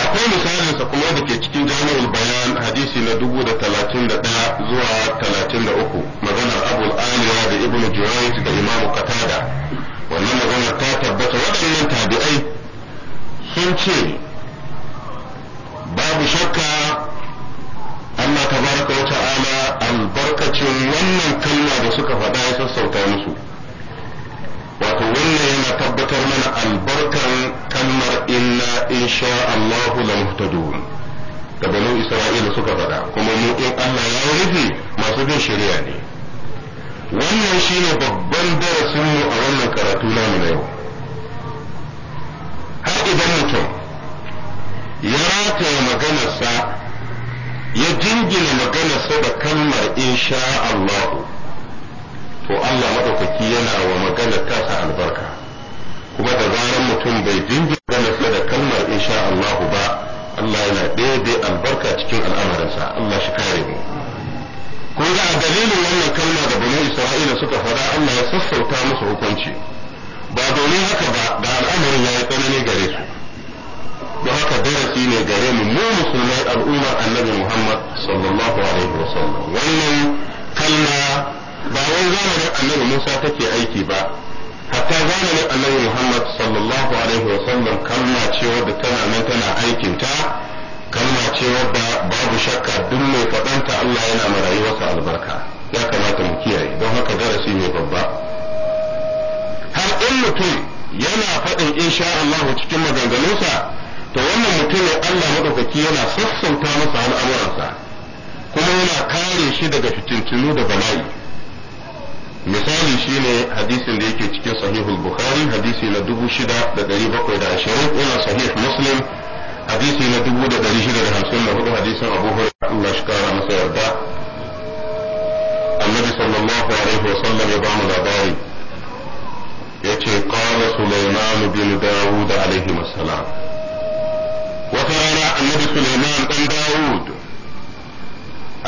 akwai misalinsa kuma da ke cikin jami'in bayan hadisi na dubu da talatin da zuwa talatin da uku maganar abul aliya da ibn juwayt da imamu katada wannan maganar ta tabbata waɗannan tabi'ai sun ce babu shakka Allah tabaraka wa ta'ala albarkacin wannan kalma da suka faɗa ya sassauta musu wato wannan yana tabbatar mana albarkar kalmar inna insha allahu la muhtadun da banu Isra'ila suka faɗa kuma mu in Allah ya rufe masu bin shari'a ne wannan shine babban darasin mu a wannan karatu namu na yau har idan mutum ya rataya maganarsa ya jingina maganarsa da kalmar insha Allah to Allah maɗaukaki yana wa maganar tasa albarka kuma da zaran mutum bai jingina maganarsa da kalmar insha Allah ba Allah yana daidai albarka cikin al'amarinsa Allah shi kare mu kun ga a dalilin wannan kalma da bani Isra'ila suka fara Allah ya sassauta musu hukunci ba domin haka ba da al'amarin ya yi tsanani gare su da haka darasi ne gare mu mu musulmai al'ummar annabi Muhammad sallallahu alaihi wasallam wannan kalma ba wai zamanin annabi Musa take aiki ba hatta zamanin annabi Muhammad sallallahu alaihi wasallam kalma ce wadda tana nan tana aikin ta kalma ce wadda babu shakka duk mai faɗanta Allah yana ma rayuwarsa albarka ya kamata mu kiyaye don haka darasi ne babba har in mutum yana faɗin insha Allah cikin maganganunsa to wannan mutumin Allah madaukaki yana sassauta masa al'amuransa kuma yana kare shi daga fitintunu da bala'i misali shine hadisin da yake cikin sahihul bukhari hadisi na 6720 ina sahih muslim hadisi na 6654 hadisin abu hurairah Allah shi kara masa yarda annabi sallallahu alaihi wasallam ya ba mu labari yace qala sulaiman bin daud alaihi salam wata rana annabi Sulaiman dan Dawud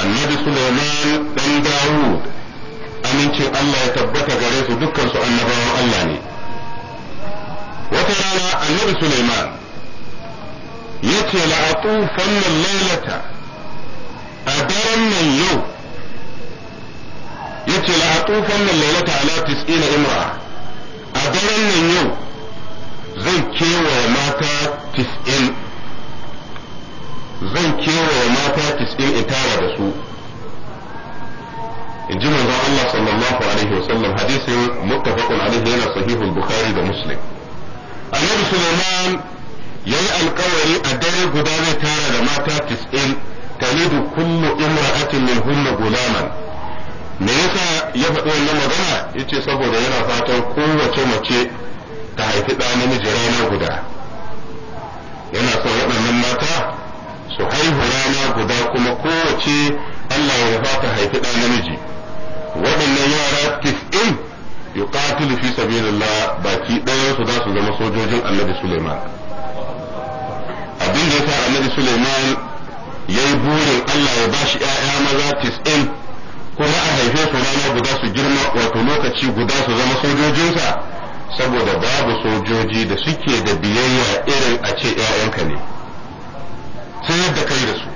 annabi Sulaiman dan Dawud amincin Allah ya tabbata gare su dukkan su annabawan Allah ne wata rana annabi Sulaiman yace la'atufan lailata a daren nan yau yace la'atufan lailata ala tis'ina imra a daren nan yau zan kewaye mata tis'in zan kewaye mata tis'in itara da su in ji manzon Allah sallallahu alaihi wa sallam hadisin muttafaqun alaihi yana sahihul bukhari da muslim annabi Sulaiman yayi alkawari a dare guda zai tara da mata tis'in talidu kullu imra'atin hunna gulaman me yasa ya faɗi wannan magana yace saboda yana fatan kowace mace ta haifi ɗa namiji rana guda yana son waɗannan mata su haihu rana guda kuma kowace Allah ya nufa ta haifi ɗan namiji waɗannan yara tis'in yuqatilu fi sabilillah baki ɗayan su za su zama sojojin Annabi Suleiman. abin da yasa Annabi ya yi burin Allah ya ba shi yaya maza tis'in kuma a haife su rana guda su girma wato lokaci guda su zama sojojinsa saboda babu sojoji da suke da biyayya irin a ce ƴaƴanka ne sai yadda kai da su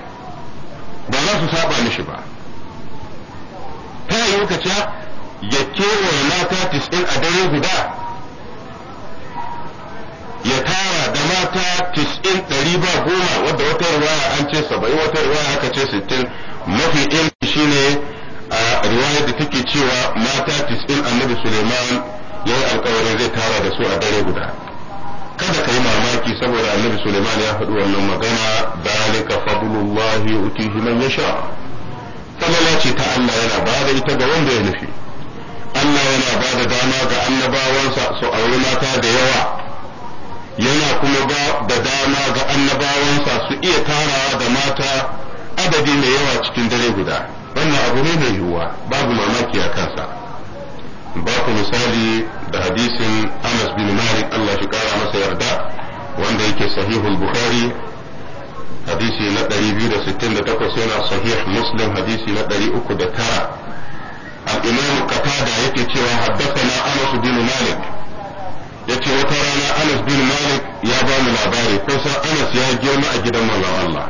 ba za su saba mishi ba ta yi ce ya kewaye mata tis'in a dare guda ya tara da mata tis'in ɗari ba goma wadda wata ruwaya an ce saba'in wata ruwaya aka ce sittin mafi ɗin ne a riwaya da take cewa mata tis'in annabi suleiman ya yi alkawarin zai tara da su a dare guda kada ka yi mamaki saboda annabi Suleiman ya faɗi wannan magana dalika fadlullahi utihi man yasha fadala ce ta Allah yana bada ita ga wanda ya nufi Allah yana ba da dama ga annabawansa su auri mata da yawa yana kuma ba da dama ga annabawansa su iya tarawa da mata adadi mai yawa cikin dare guda wannan abu ne mai yiwuwa babu mamaki a kansa ba misali da hadisin Anas bin Malik Allah shi kara masa yarda wanda yake sahihul Bukhari hadisi na 268 yana sahih Muslim hadisi na 309 al-Imam Qatada yake cewa haddathana Anas bin Malik yace wata rana Anas bin Malik ya ba labari kusan Anas ya girma a gidan manzon Allah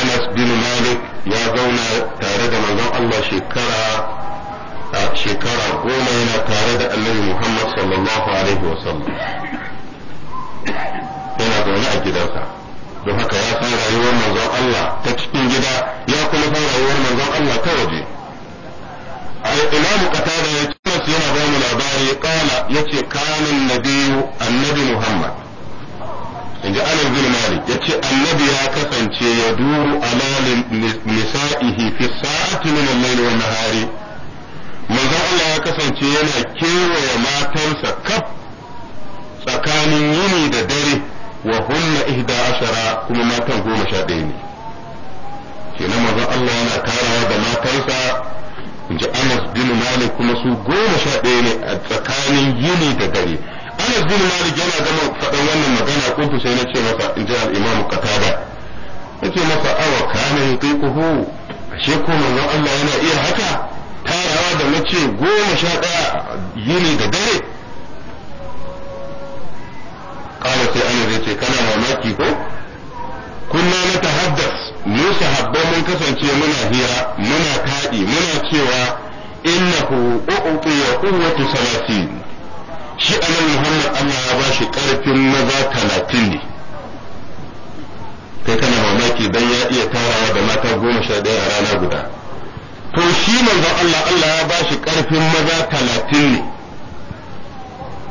Anas bin Malik ya zauna tare da manzon Allah shekara a shekara goma yana tare da annabi Muhammad sallallahu alaihi wasallam yana zaune a gidansa don haka ya san rayuwar manzon Allah ta cikin gida ya kuma san rayuwar manzon Allah ta waje imamu qatada ya ce yana ba mu labari kala yace kanin nabiyu annabi Muhammad in ji Anas Malik yace annabi ya kasance ya duru ala nisa'ihi fi sa'ati min al-layli wa nahari kasance yana kewaye matansa kaf tsakanin yini da dare wa hunna ihda ashara kuma matan goma sha ɗaya ne kenan manzon Allah yana karawa da matansa ji Anas bin Malik kuma su goma sha ɗaya ne a tsakanin yini da dare Anas bin Malik yana gama faɗan wannan magana kuntu sai na ce masa inji al-Imam Qatada yace masa awa kana yutiquhu ashe ko manzon Allah yana iya haka da na ce goma sha ɗaya yini da dare kala sai ana zai ce kana mamaki ko kunna na ta haddas mu sahabbai mun kasance muna hira muna kaɗi muna cewa innahu ya quwwatu salatin shi anan Muhammad Allah ya shi karfin maza talatin ne kai kana mamaki dan ya iya tarawa da mata goma sha ɗaya a rana guda to shi manzon Allah Allah ya bashi karfin maza talatin ne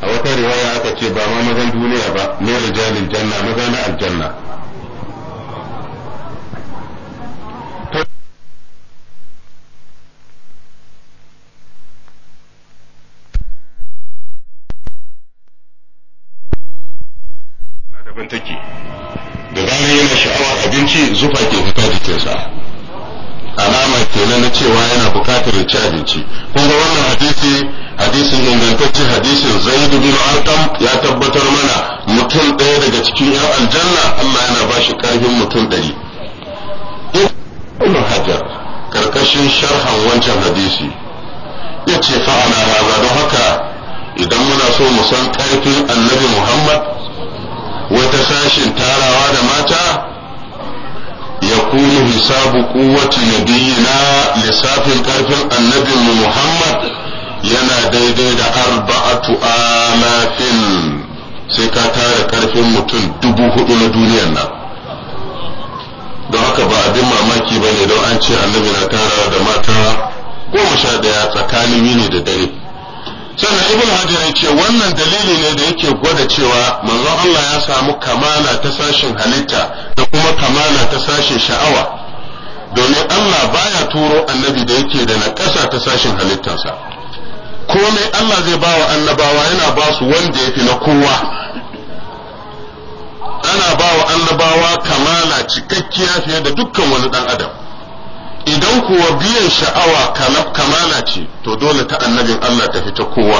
a wata riwaya aka ce ba ma mazan duniya ba ne rijalin janna maza na aljanna take da zarar yana sha'awa abinci zufa ke fita jikinsa alama kenan na cewa yana bukatar ya ci abinci kun ga wannan hadisi hadisin ingantacce hadisin zaid bin ya tabbatar mana mutum ɗaya daga cikin yan aljanna Allah yana ba shi karfin mutum ɗari ibn hajar karkashin sharhan wancan hadisi yace fa'ala hada don haka idan muna so mu san karfin annabi Muhammad wata sashin tarawa da mata يكون حساب قوة lissafin لسافن كافن mu muhammad yana daidai da arba'atu alafin sai ka tara karfin mutum dubu hudu na duniyar nan don haka ba abin mamaki ba ne don an ce annabi na tara da mata goma sha ɗaya tsakanin yini da dare sannan ibn hajar ya ce wannan dalili ne da yake gwada cewa manzon Allah ya samu kamala ta sashen halitta da kuma kamala ta sashin sha'awa domin Allah baya turo annabi da yake da na ƙasa ta sashin halittarsa komai Allah zai bawa annabawa yana ba su wanda ya fi na kowa ana bawa annabawa kamala cikakkiya fiye da dukkan wani ɗan adam idan kuwa biyan sha'awa kamala ce to dole ta annabin Allah ta fita kowa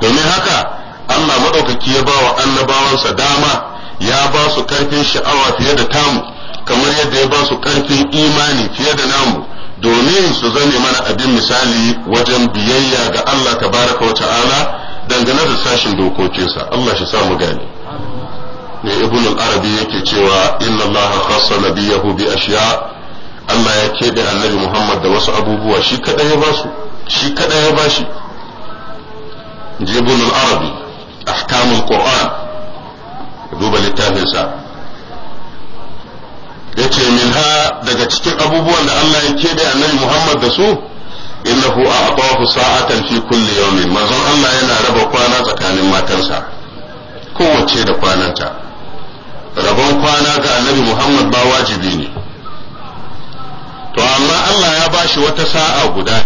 domin haka Allah maɗaukaki ya ba wa annabawansa dama ya ba su ƙarfin sha'awa fiye da tamu kamar yadda ya ba su ƙarfin imani fiye da namu domin su zame mana abin misali wajen biyayya ga Allah tabaraka wa ta'ala dangane da sashin dokokinsa Allah shi samu gane ne ibnul arabi yake cewa inna allaha khassa nabiyahu bi ashiya Allah ya keɓe annabi Muhammad da wasu abubuwa shi kaɗai ya basu shi kaɗai ya bashi jibun arabi ahkamul qur'an duba littafinsa ya ce minha daga cikin abubuwan da Allah ya keɓe annabi Muhammad da su innahu a'tahu sa'atan fi kulli yawmin manzon Allah yana raba kwana tsakanin matansa kowace da kwananta rabon kwana ga annabi Muhammad ba wajibi ne to amma Allah ya ba shi wata sa'a guda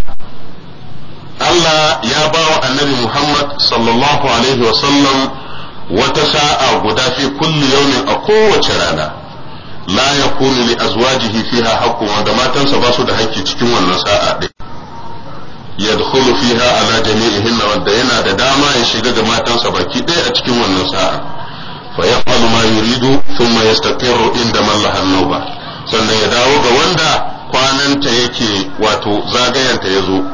Allah ya ba wa annabi Muhammad sallallahu alaihi wasallam wata sa'a guda fi kulli yawmin a kowace rana la yakunu li azwajihi fiha haqqun wanda matansa ba su da haƙƙi cikin wannan sa'a ɗin yadkhulu fiha ala jami'ihin wanda yana da dama ya shiga ga matansa baki ɗaya a cikin wannan sa'a fa yaqalu ma yuridu thumma yastaqirru inda man lahannuba sannan ya dawo ga wanda kwananta yake wato zagayanta ya zo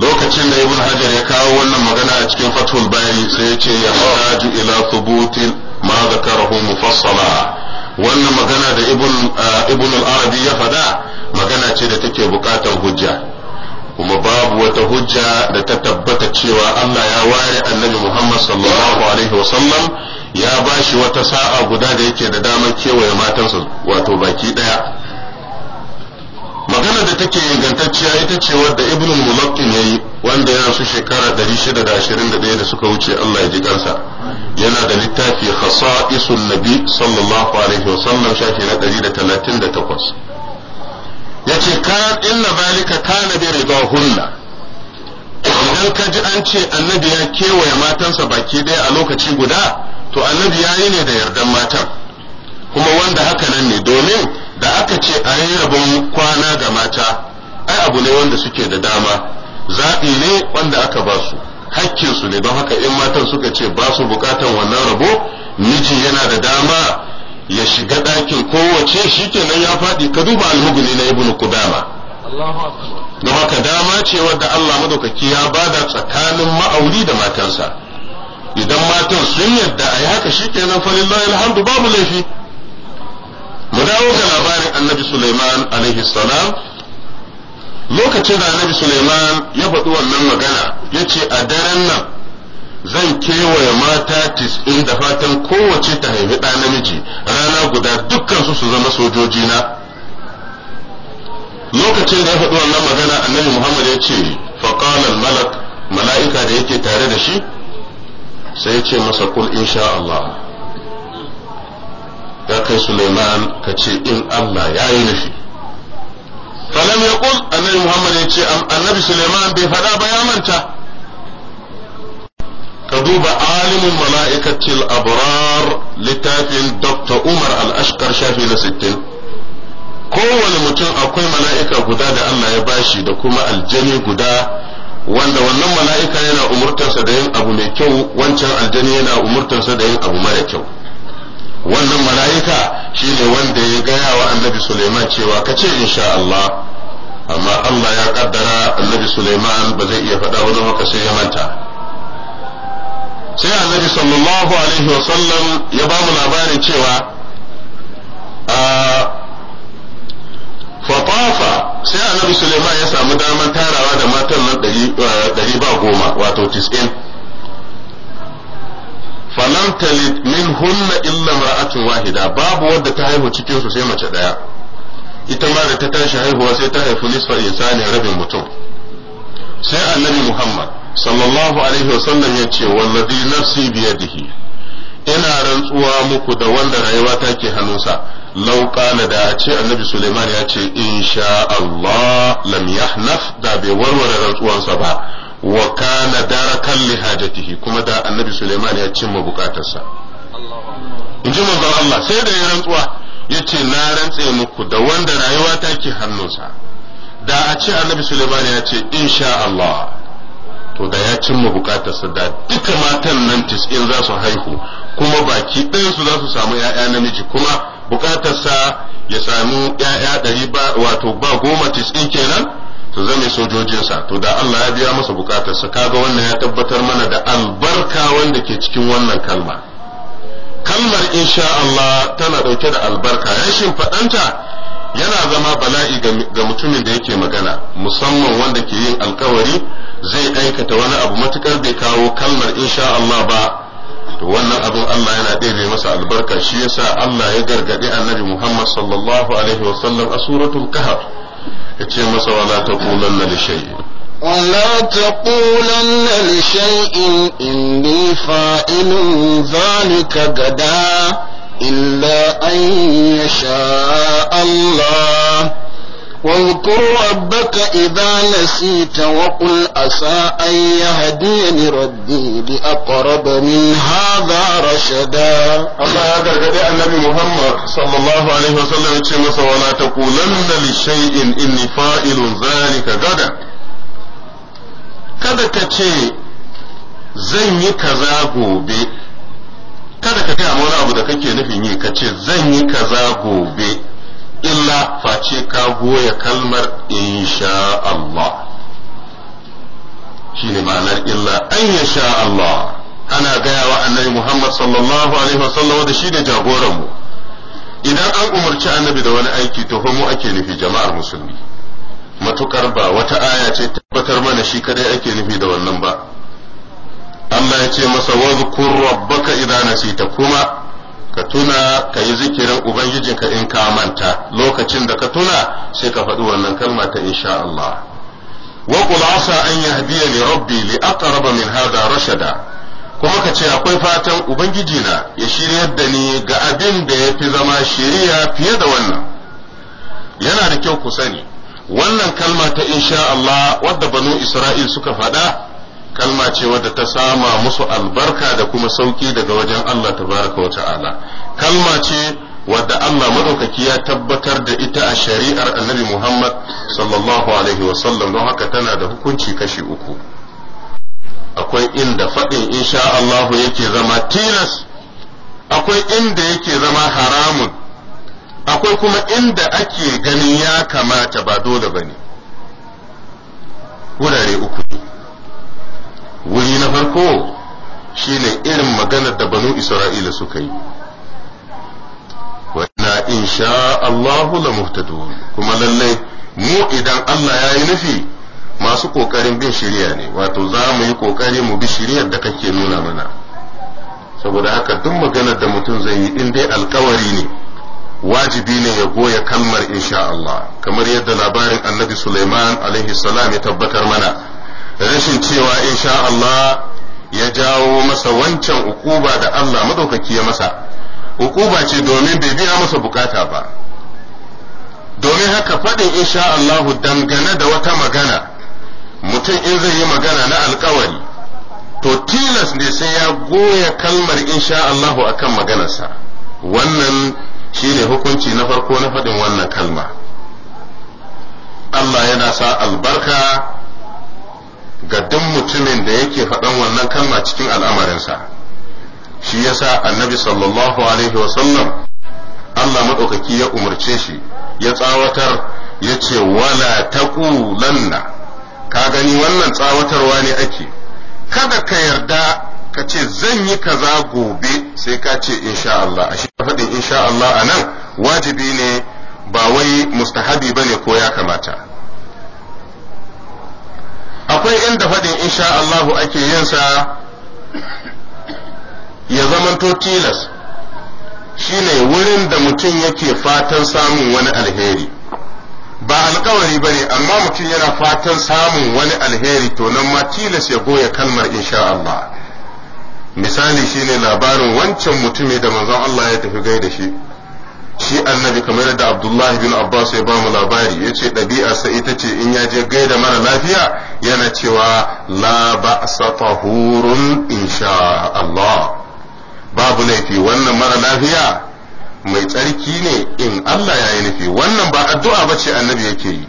lokacin da ibn hajar ya kawo wannan magana a cikin fathul bari sai ya ce ya haraju ila thubutin ma zakarahu mufassala wannan magana da ibn uh, ibn al-arabi ya fada magana ce da take bukatar hujja kuma babu wata hujja da ta tabbata cewa Allah ya ware annabi Muhammad sallallahu alaihi wa sallam ya bashi wata sa'a guda da yake da damar kewaye matansa wato baki daya magana da take ingantacciya ita ce wadda ibn mulaqin yayi wanda ya rasu shekara 621 da suka wuce Allah ya ji kansa yana da littafi khasa'isun nabi sallallahu alaihi wasallam shafi na 138 yace kan inna balika kana bi ridahunna idan ka ji an ce annabi ya kewaye matansa baki daya a lokaci guda to annabi ya yi ne da yardan matan kuma wanda haka nan ne domin da aka ce a yi rabon kwana ga mata ai abu ne wanda suke da dama zaɓi ne wanda aka ba su hakkinsu ne don haka in matan suka ce ba su bukatan wannan rabo miji yana da dama ya shiga ɗakin kowace shi kenan ya faɗi ka duba almuguni na ibn kudama don haka dama ce wadda Allah madaukaki ya bada tsakanin ma'auri da matansa idan matan sun yadda a yi haka shi kenan falillahi alhamdu babu laifi mu dawo ga labarin annabi Suleiman alaihi salam lokacin da annabi Suleiman ya faɗi wannan magana ya ce a daren nan zan kewaye mata tis'in da fatan kowace ta haifi ɗa namiji rana guda dukkansu su zama sojoji na lokacin da ya faɗi wannan magana annabi Muhammad ya ce faƙalar malak mala'ika da yake tare da shi sai ya ce masa kul insha Allah ya kai Sulaiman ka ce in Allah ya yi nufi falam ya ƙul annabi Muhammad ya ce annabi Sulaiman bai faɗa ba ya manta ka duba alimin mala’ikacin abrar littafin Dr. Umar al-Ashkar shafi na 60 kowane mutum akwai mala'ika guda da Allah ya bashi da kuma aljani guda wanda wannan mala'ika yana umurtarsa da yin abu mai kyau wancan aljani yana umurtarsa da yin abu mara kyau wannan mala'ika shi ne wanda ya gaya wa annabi Suleiman cewa ka ce insha Allah amma Allah ya kaddara annabi Suleiman ba zai iya faɗa wani maka sai ya manta sai annabi sallallahu alaihi wasallam ya ba mu labarin cewa fatafa sai annabi Suleiman ya samu damar tarawa da matan nan ɗari ba goma wato tis'in falam talid min hunna illa ra'atun wahida babu wadda ta haihu cikin su sai mace daya ita ma da ta tashi haihuwa sai ta haifi nisfa insani rabin mutum sai annabi muhammad sallallahu alaihi wasallam ya ce wallazi nafsi biyadihi ina rantsuwa muku da wanda rayuwa take hannunsa law qala da ce annabi suleiman ya ce insha Allah lam yahnaf da bai warware rantsuwansa ba wa kana darakan li hajatihi kuma da annabi Suleiman ya cimma bukatarsa in ji manzon Allah sai da ya rantsuwa ya ce na rantse muku da wanda rayuwa ta ke hannunsa da a ce annabi Suleiman ya ce insha Allah to da ya cimma bukatarsa da duka matan nan tis'in za su haihu kuma baki su za su samu ‘ya'ya namiji kuma bukatarsa ya samu ‘ya'ya ɗari ba wato ba goma tis'in kenan zan zame sojojinsa to da Allah ya biya masa bukatarsa kaga wannan ya tabbatar mana da albarka wanda ke cikin wannan kalma kalmar insha Allah tana dauke da albarka rashin fadanta yana zama bala'i ga mutumin da yake magana musamman wanda ke yin alkawari zai aikata wani abu matukar bai kawo kalmar insha Allah ba to wannan abin Allah yana ɗebe masa albarka shi yasa Allah ya gargaɗi annabi Muhammad sallallahu alaihi wasallam a suratul kahf yace masa wala ta kulanna da shay wala ta kulanna da shay in ni fa'ilun zalika gada illa an yasha Allah واذكر ربك إذا نسيت وقل عسى أن يهديني ربي لأقرب من هذا رشدا الله يقول النبي محمد صلى الله عليه وسلم يقول ولا تقولن لشيء إني فاعل ذلك غدا kada ka ce zan yi kaza gobe kada ka kai wani abu da kake nufin yi ka ce zan yi kaza gobe illa face ka goya kalmar insha Allah ne ma'anar illa an yasha Allah ana gaya wa annabi Muhammad sallallahu alaihi wasallam da shine jagoran mu idan an umarci annabi da wani aiki to mu ake nufi jama'ar musulmi matukar ba wata aya ce tabbatar mana shi kadai ake nufi da wannan ba Allah ya ce masa wa zkur rabbaka idan nasita kuma ka tuna ka yi zikirin ubangijinka in ka manta lokacin da ka tuna sai ka faɗi wannan kalma ta insha Allah wa qul asa an yahdiya li rabbi li aqraba min hada rashada kuma ka ce akwai fatan ubangiji na ya shiryar da ni ga abin da ya fi zama shiriya fiye da wannan yana da kyau ku sani wannan kalma ta insha Allah wadda banu Isra'il suka faɗa kalma ce wadda ta sama musu albarka da kuma sauki daga wajen Allah tabaraka wa ta'ala kalma ce wadda Allah madaukaki ya tabbatar da ita a shari'ar annabi Muhammad sallallahu alaihi wa sallam don haka tana da hukunci kashi uku akwai inda faɗin insha Allah yake zama tilas akwai inda yake zama haramun akwai kuma inda ake ganin ya kamata ba dole bane wurare uku wuri na farko shi ne irin maganar da banu isra'ila suka yi na in sha Allah la kuma lallai mu idan Allah ya yi nufi masu ƙoƙarin bin shirya ne wato za mu yi kokari mu bi shiryar da kake nuna mana saboda haka duk maganar da mutum zai yi in dai alkawari ne wajibi ne ya goya kalmar insha Allah kamar yadda labarin annabi Sulaiman alaihi salam ya tabbatar mana rashin cewa insha Allah ya jawo masa wancan ukuba da Allah madaukaki ya masa ukuba ce domin bai biya masa bukata ba domin haka faɗin insha Allah dangane da wata magana mutum in zai yi magana na alkawari to tilas ne sai ya goya kalmar insha Allahu akan maganarsa wannan shine hukunci na farko na faɗin wannan kalma Allah yana sa albarka ga duk mutumin da yake faɗan wannan kalma cikin al'amarinsa shi yasa annabi sallallahu alaihi wasallam Allah maɗaukaki ya umarce shi ya tsawatar ya ce wala taqulanna ka gani wannan tsawatarwa ne ake kada ka yarda ka ce zan yi kaza gobe sai ka ce insha Allah a shi faɗin insha Allah a nan wajibi ne ba wai mustahabi bane ko ya kamata akwai inda faɗin insha Allahu ake yinsa ya zamanto tilas shine wurin da mutum yake fatan samun wani alheri ba alkawari ba ne amma mutum yana fatan samun wani alheri to nan ma tilas ya goya kalmar insha Allah misali shine labarin wancan mutumi da manzon Allah ya tafi gaida shi shi annabi kamar da abdullahi bin abbas ya mu labari ya ce sa ita ce in ya je gaida mara lafiya yana cewa la ba'sa tahurun insha Allah babu laifi wannan mara lafiya mai tsarki ne in Allah ya yi nufi wannan ba addu'a ba ce annabi yake yi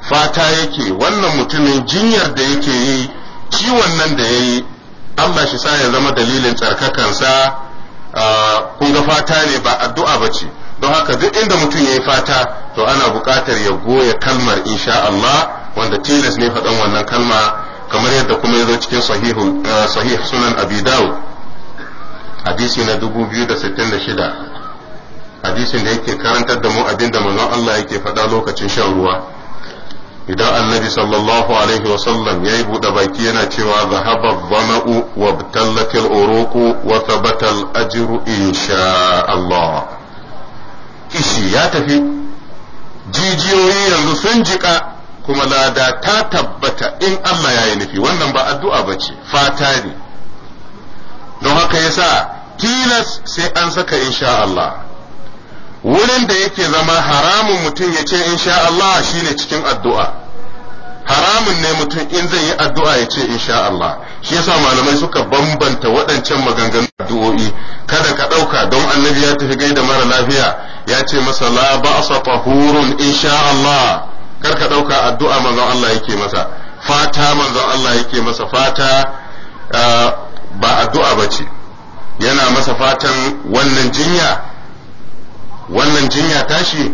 fata yake wannan mutumin jinyar da yake yi ciwon nan da ya yi Allah shi sa ya zama dalilin tsarkakansa Ah, kun ga fata ne ba addu'a ba ce don haka duk inda mutum ya yi fata to ana buƙatar ya goya kalmar insha Allah wanda tilas ne faɗan wannan kalma kamar yadda kuma ya zo cikin ah, sahih sunan abi dawud hadisi na 2066 hadisin da yake karantar da mu abinda manzon Allah yake faɗa lokacin shan ruwa idan annabi sallallahu alaihi wasallam ya yi buɗe baki yana cewa zahaba zama'u wa tallatil uruku wa tabatal ajru insha Allah kishi ya tafi jijiyoyi yanzu sun jika kuma lada ta tabbata in Allah ya yi nufi wannan ba addu'a ba ce fata ne don haka yasa tilas sai an saka insha Allah wurin da yake zama haramun mutum ya ce insha Allah shine cikin addu'a haramun ne mutum in zai yi addu'a ya ce insha Allah shi yasa malamai suka bambanta waɗancan maganganu. addu'o'i kada ka ɗauka don annabi ya tafi gaida mara lafiya ya ce masa la ba'sa tahurun insha Allah kar ka ɗauka addu'a manzon Allah yake masa fata manzon Allah yake masa fata ba addu'a bace yana masa fatan wannan jinya wannan jinya tashi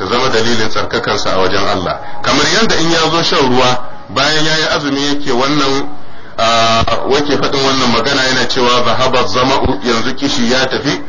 ta zama dalilin tsarkakansa a wajen Allah kamar yadda in ya zo shan ruwa bayan ya yi azumi yake wannan wake faɗin wannan magana yana cewa zahabar zama yanzu kishi ya tafi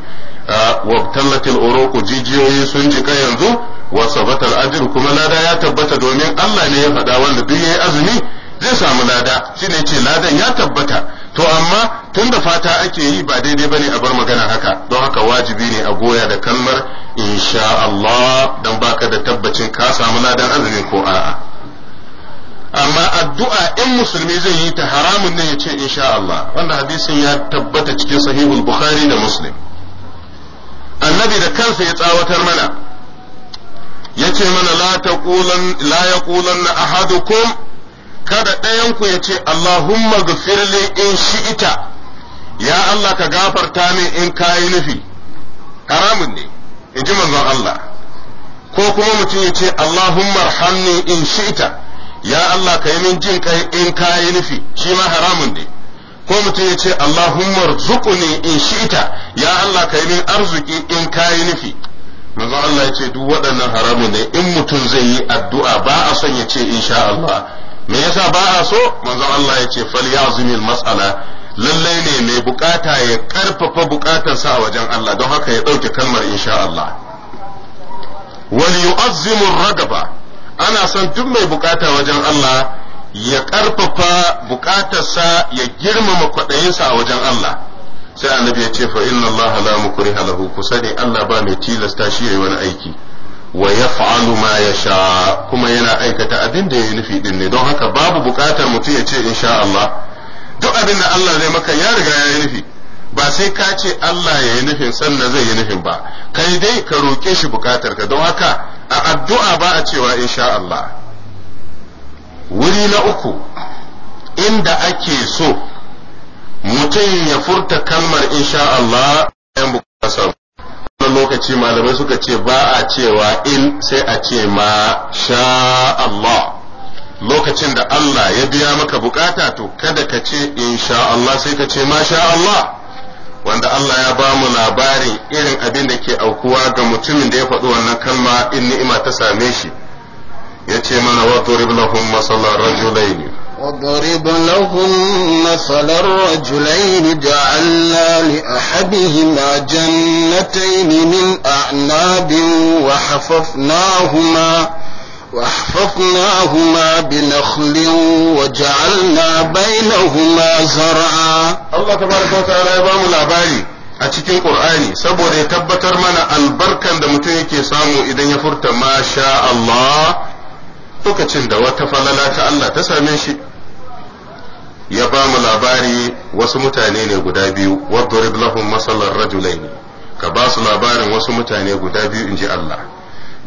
wa tallatil uroko jijiyoyi sun jika yanzu wa sabatal ajr kuma lada ya tabbata domin Allah ne ya faɗa wanda duk yayi azumi zai samu lada shine ce ladan ya tabbata to amma tun da fata ake yi ba daidai bane a bar magana haka don haka wajibi ne a goya da kalmar insha Allah dan baka da tabbacin ka samu ladan azumi ko a'a amma addu'a in musulmi zai yi ta haramun ne ya ce insha Allah wanda hadisin ya tabbata cikin sahihul bukhari da muslim annabi da kansa ya tsawatar mana yace mana la taqulan la yaqulanna ahadukum kada ɗayanku ya ce Allahumma gafirli in shi'ita ya Allah ka gafarta min in kayi nufi haramun ne in ji manzon Allah ko kuma mutum ya ce Allahumma rahamni in shi'ita ya Allah ka yi min jin kai in kayi nufi shi ma haramun ne ko mutum ya ce Allahumma rzuqni in shi'ita ya Allah ka yi min arziki in kai nufi manzo Allah ya ce duk waɗannan haramun ne in mutum zai yi addu'a ba a son ya ce insha Allah me yasa ba a so manzon Allah ya ce yazmil mas'ala lallai ne mai bukata ya karfafa bukatarsa a wajen Allah don haka ya ɗauke kalmar insha Allah wal yu'azzimu ragaba ana son duk mai bukata wajen Allah ya karfafa bukatarsa ya girmama kwaɗayinsa a wajen Allah sai annabi ya ce fa inna Allah la mukriha lahu kusani Allah ba mai tilasta shi yayi wani aiki wa ya fa'alu ma sha kuma yana aikata abin da ya nufi ɗin ne don haka babu bukatar mutum ya ce insha Allah duk abin da Allah zai maka ya riga ya nufi ba sai ka ce Allah ya yi nufin sannan zai yi nufin ba kai dai ka roƙe shi bukatar ka don haka a addu'a ba a cewa sha Allah wuri na uku inda ake so mutum ya furta kalmar insha Allah bayan bukatar wannan lokaci malamai suka ce ba a cewa in sai a ce ma sha Allah lokacin da Allah ya biya maka bukata to kada ka ce in sha Allah sai ka ce ma sha Allah wanda Allah ya ba mu labarin irin abin da ke aukuwa ga mutumin da ya faɗi wannan kalma in ni'ima ta same shi ya ce mana wa lahum masallar rajulaini واضرب لهم مثل الرجلين جعلنا لأحدهما جنتين من أعناب وحففناهما وحففناهما بنخل وجعلنا بينهما زرعا الله تبارك وتعالى يبام الأباري a cikin Qur'ani saboda ya tabbatar mana albarkan da mutum yake samu idan ya furta masha Allah lokacin da wata falala ta Allah ta same shi ya ba mu labari wasu mutane ne guda biyu wadrib lahum masalan rajulaini ka ba su labarin wasu mutane guda biyu inji Allah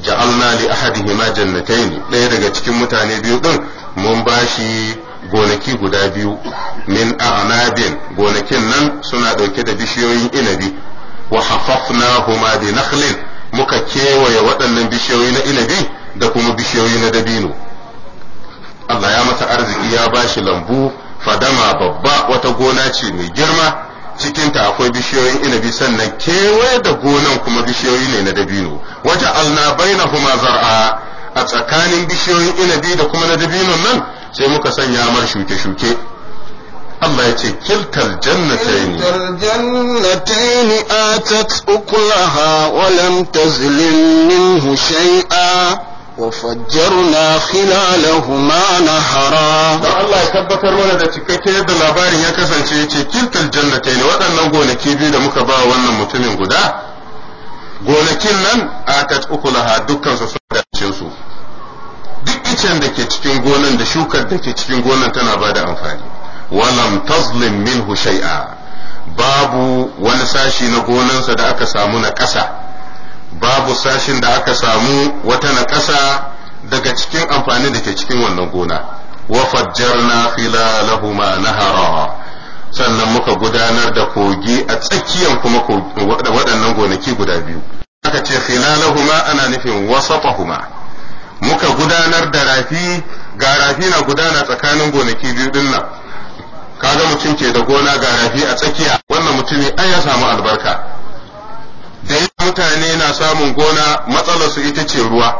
ja'alna li ahadihima jannatayn ɗaya daga cikin mutane biyu din mun bashi gonaki guda biyu min a'nabin gonakin nan suna ɗauke da bishiyoyin inabi wa hafafna huma bi nakhlin muka kewaye waɗannan bishiyoyi na inabi da kuma bishiyoyi na dabino Allah ya masa arziki ya ba shi lambu fadama babba wata gona ce mai girma cikinta akwai bishiyoyin inabi sannan kewaye da gonan kuma bishiyoyi ne na dabino waje alna huma zar'a a tsakanin bishiyoyin inabi da kuma na dabinon nan sai muka sanya mar shuke-shuke Allah ya ce kiltar jannatayn kiltar jannatayn atat ukulaha wa lam tazlim minhu shay'a وفجرنا خلالهما نهرا da Allah ya tabbatar mana da cikakke da labarin ya kasance yace jannatai jannatayn waɗannan gonaki biyu da muka ba wannan mutumin guda gonakin nan atat ukulaha dukkan su sun su duk icen da ke cikin gonan da shukar da ke cikin gonan tana ba da amfani walam tazlim minhu shay'a babu wani sashi na gonansa da aka samu na ƙasa babu sashin da aka samu wata naƙasa daga cikin amfani da ke cikin wannan gona wa fajjarna khilalahuma nahara sannan muka gudanar da kogi a tsakiyar kuma waɗannan gonaki guda biyu aka ce khilalahuma ana nufin wasatahuma muka gudanar da rafi ga rafi na gudana tsakanin gonaki biyu din nan kaga mutum ke da gona ga rafi a tsakiya wannan mutum ne ai ya samu albarka da yi mutane na samun gona matsalar su ita ce ruwa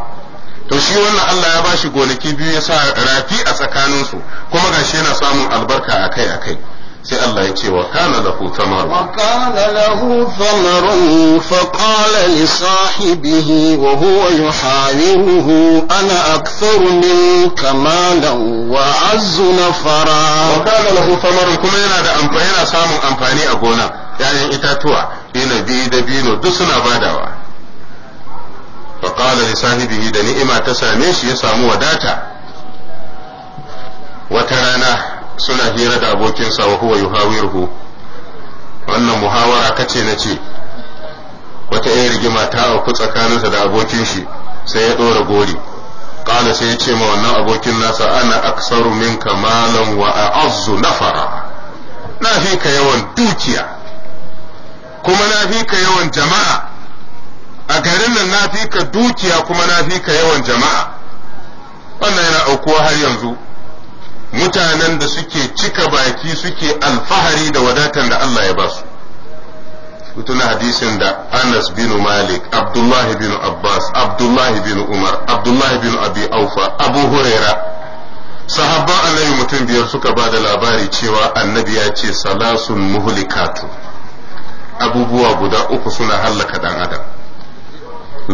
to shi wannan Allah ya bashi gonaki biyu ya sa rafi a tsakaninsu kuma gashi yana samun albarka akai akai sai Allah ya ce wa kana lahu thamar wa kana lahu thamaru fa qala li sahibihi wa huwa yuhawiruhu ana aktharu min kamala wa azzu nafara wa kana lahu thamaru kuma yana da amfani yana samun amfani a gona yayin itatuwa da dabino duk suna badawa fa qala li sahibihi da ni'ima ta same shi ya samu wadata wata rana suna hira da abokinsa wa huwa yuhawiruhu wannan muhawara kace na ce wata yan rigima ta auku tsakaninsa da abokin shi sai ya ɗora gori kala sai ya ce ma wannan abokin nasa ana aksaru minka malan wa a'azzu nafara na fi ka yawan dukiya kuma na fi ka yawan jama'a a garin nan na fi ka dukiya kuma na fi ka yawan jama'a wannan yana aukuwa har yanzu mutanen da suke cika baki suke alfahari da wadatan da Allah ya ba su tuna hadisin da Anas bin Malik, Abdullah bin Abbas, Abdullah bin Umar, Abdullah bin Abi Aufa, Abu Huraira sahabban annabi mutum biyar suka ba da labari cewa annabi ya ce salasun muhlikatu abubuwa guda uku suna hallaka dan adam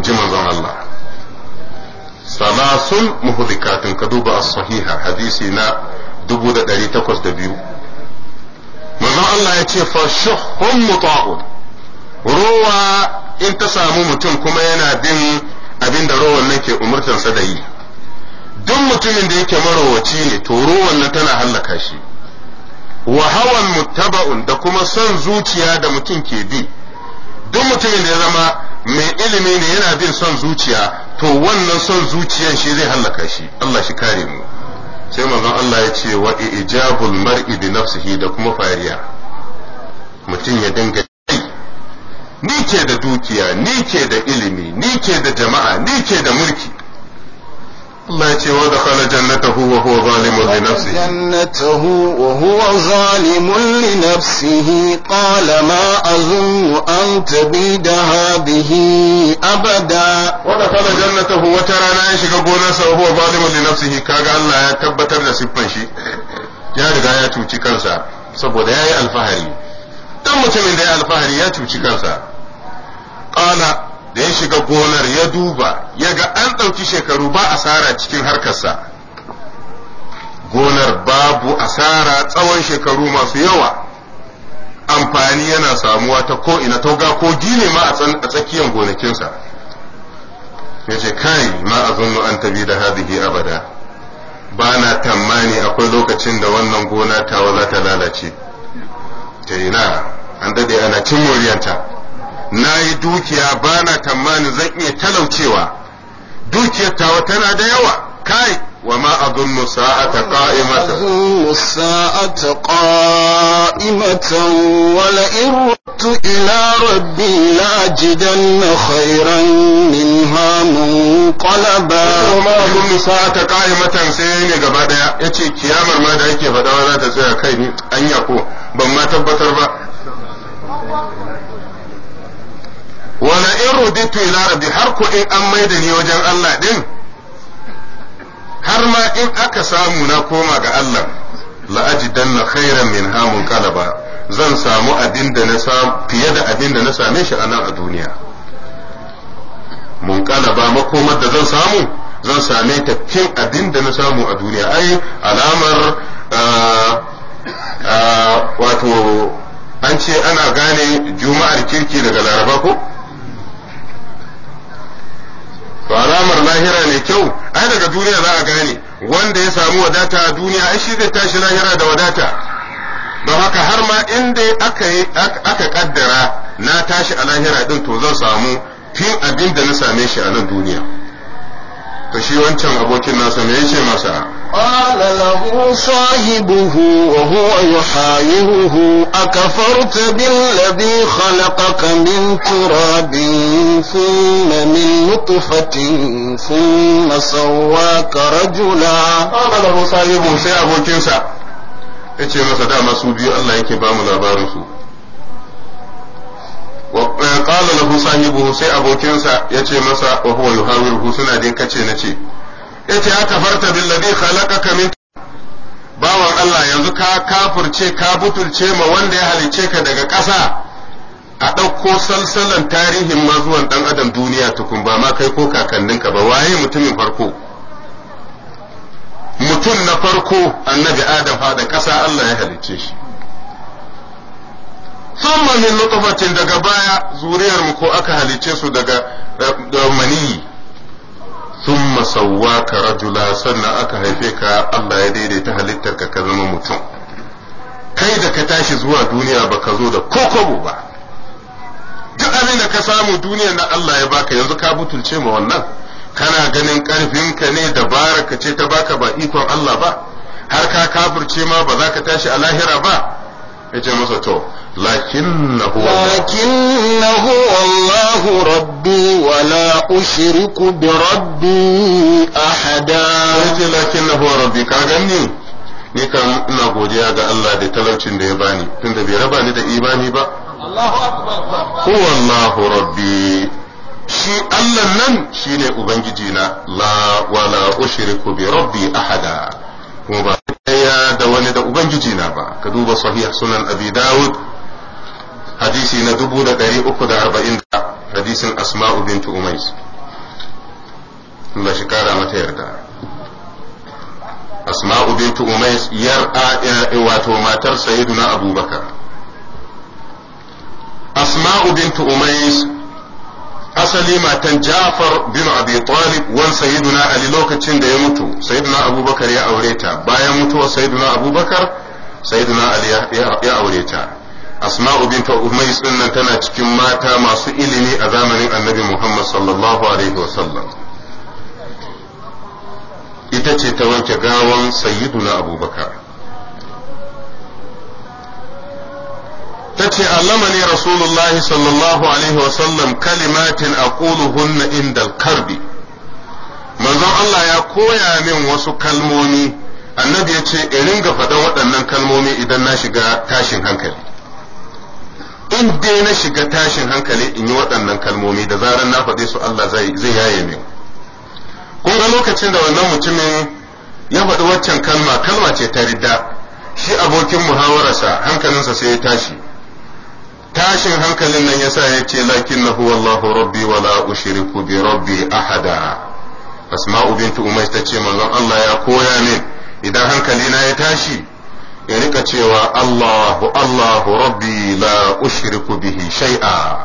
ji manzon Allah salasun muhdikatun ka duba as-sahiha hadisi na 1802 manzon Allah ya ce fa shuhum muta'ud ruwa in ta samu mutum kuma yana bin abinda da rowan nan ke umurtansa da yi duk mutumin da yake marowaci ne to ruwan nan tana hallaka shi wa hawan muttaba'un da kuma son zuciya da mutum ke bi duk mutumin da ya zama mai ilimi ne yana bin son zuciya to wannan son zuciyan shi zai hallaka shi Allah shi kare mu sai manzon Allah ya ce wa ijabul mar'i bi nafsihi da kuma fariya mutum ya dinga ni ke da dukiya ni ke da ilimi ni ke da jama'a ni ke da mulki Allah ce kala dakhala jannatahu wa huwa zalimun li nafsihi jannatahu wa huwa zalimun li nafsihi qala ma azunnu an tabida hadhihi abada wa dakhala jannatahu wa tarana ya shiga gonarsa wa huwa zalimun li nafsihi kaga Allah ya tabbatar da siffan shi ya riga ya cuci kansa saboda yayi alfahari dan mutumin da ya alfahari ya cuci kansa qala da ya shiga gonar ya duba ya ga an ɗauki shekaru ba asara cikin harkarsa gonar babu asara tsawon shekaru masu yawa amfani yana samuwa ta ko'ina ta ga ko ne ma a tsakiyar gonakinsa ya ce kai ma a zunnu an tabi da hadihi abada ba na tamani akwai lokacin da wannan gona tawa za ta lalace ta na an daɗe ana cin moriyanta na yi dukiya ba na tamani zan iya talaucewa dukiyar tawa tana da yawa kai wa ma azunnu sa'ata qa'imatan azunnu sa'ata wala irutu ila rabbi la khairan min hamun kwalaba wa ma azunnu ta qa'imatan sai ne gaba daya ce, kiyamar ma da yake fada za ta tsaya kai ni anya ko ban ma tabbatar ba wala in ruditu ila rabbi har ko in an maida ni wajen Allah din har ma in aka samu na koma ga Allah la ajidanna khairan min hamun kalaba zan samu abin da na samu fiye da abin da na same shi a nan a duniya mun qalaba makomar da zan samu zan same ta cikin abin da na samu a duniya ai alamar wato an ce ana gane juma'ar kirki daga laraba ko to alamar lahira ne kyau ai daga duniya za a gane wanda ya samu wadata a duniya ai shi zai tashi lahira da wadata don haka har ma in yi aka kaddara na tashi a lahira din to zan samu fin abin da na same shi a nan duniya to wancan abokin nasa me yace masa qala lahu sahibuhu wa huwa yuhayiruhu akafarta billadhi khalaqaka min turabin thumma min nutfatin thumma sawwaka rajula qala lahu sahibuhu sai abokin sa yace masa dama su biyu Allah yake ba mu labarin su Eh, qala lahu sahibu sai abokinsa ce masa wa huwa yuhawiruhu suna dai kace nace yace ya kafarta billadhi khalaqaka bawan Allah yanzu ka kafurce ka butulce ma wanda ya halicce ka daga ƙasa a ɗauko salsalan tarihin ma zuwan ɗan adam duniya tukun ba ma kai ko kakanninka ba waye mutumin farko mutum na farko annabi adam da ƙasa Allah ya halicce shi thumma min nutfatin daga baya zuriyar mu ko aka halice su daga mani thumma sawwaka rajula sannan aka haife ka Allah ya daidaita halittar ka ka zama mutum kai da ka tashi zuwa duniya baka zo da kokobo ba duk abin da ka samu duniyar na Allah ya baka yanzu ka butulce ma wannan kana ganin karfinka ne ka ce ta baka ba ikon Allah ba har ka kafirce ma ba za ka tashi a lahira ba yace masa to lakinnahu lakinnahu wallahu rabbi wa la ushriku bi rabbi ahada yace lakinnahu rabbi ka ganni ni kan ina godiya ga Allah da talaucin da ya bani tunda bai raba ni da imani ba Allahu akbar huwa rabbi shi Allah nan shine ubangiji na la wala ushriku bi rabbi ahada kuma ba ɗaya da wani da ubangiji na ba ka duba sahih sunan abi dawud hadisi na dubu da ɗari uku da arba'in da hadisin asma'u bintu umais Allah shi kara mata yarda asma'u bintu umais yar a wato matar sayyiduna abubakar asma'u bintu umais asali matan Ja'far bin Abi Talib wan sayyiduna Ali lokacin da ya mutu sayyiduna Abubakar ya aure ta bayan mutuwar sayyiduna Abubakar sayyiduna Ali ya aure ta Asma'u binta Umays nan tana cikin mata masu ilimi a zamanin Annabi Muhammad sallallahu alaihi wasallam ita ce ta wanke gawan sayyiduna Abubakar tace ne rasulullahi sallallahu alaihi wasallam kalimatin aquluhunna inda karbi manzon Allah ya koya min wasu kalmomi annabi ya ce in ringa faɗan waɗannan kalmomi idan na shiga tashin hankali in dai na shiga tashin hankali in yi waɗannan kalmomi da zarar na faɗe su Allah zai yaye min kun ga lokacin da wannan mutumin ya faɗi waccan kalma kalma ce ta ridda shi abokin muhawararsa hankalinsa sai ya tashi tashin hankalin nan yasa ya ce lakin na huwa Allahu rabbi wa la ushriku bi rabbi ahada asma'u bintu umay ta ce manzon Allah ya koya min idan hankali na ya tashi ya rika cewa Allahu Allahu rabbi la ushriku bihi shay'a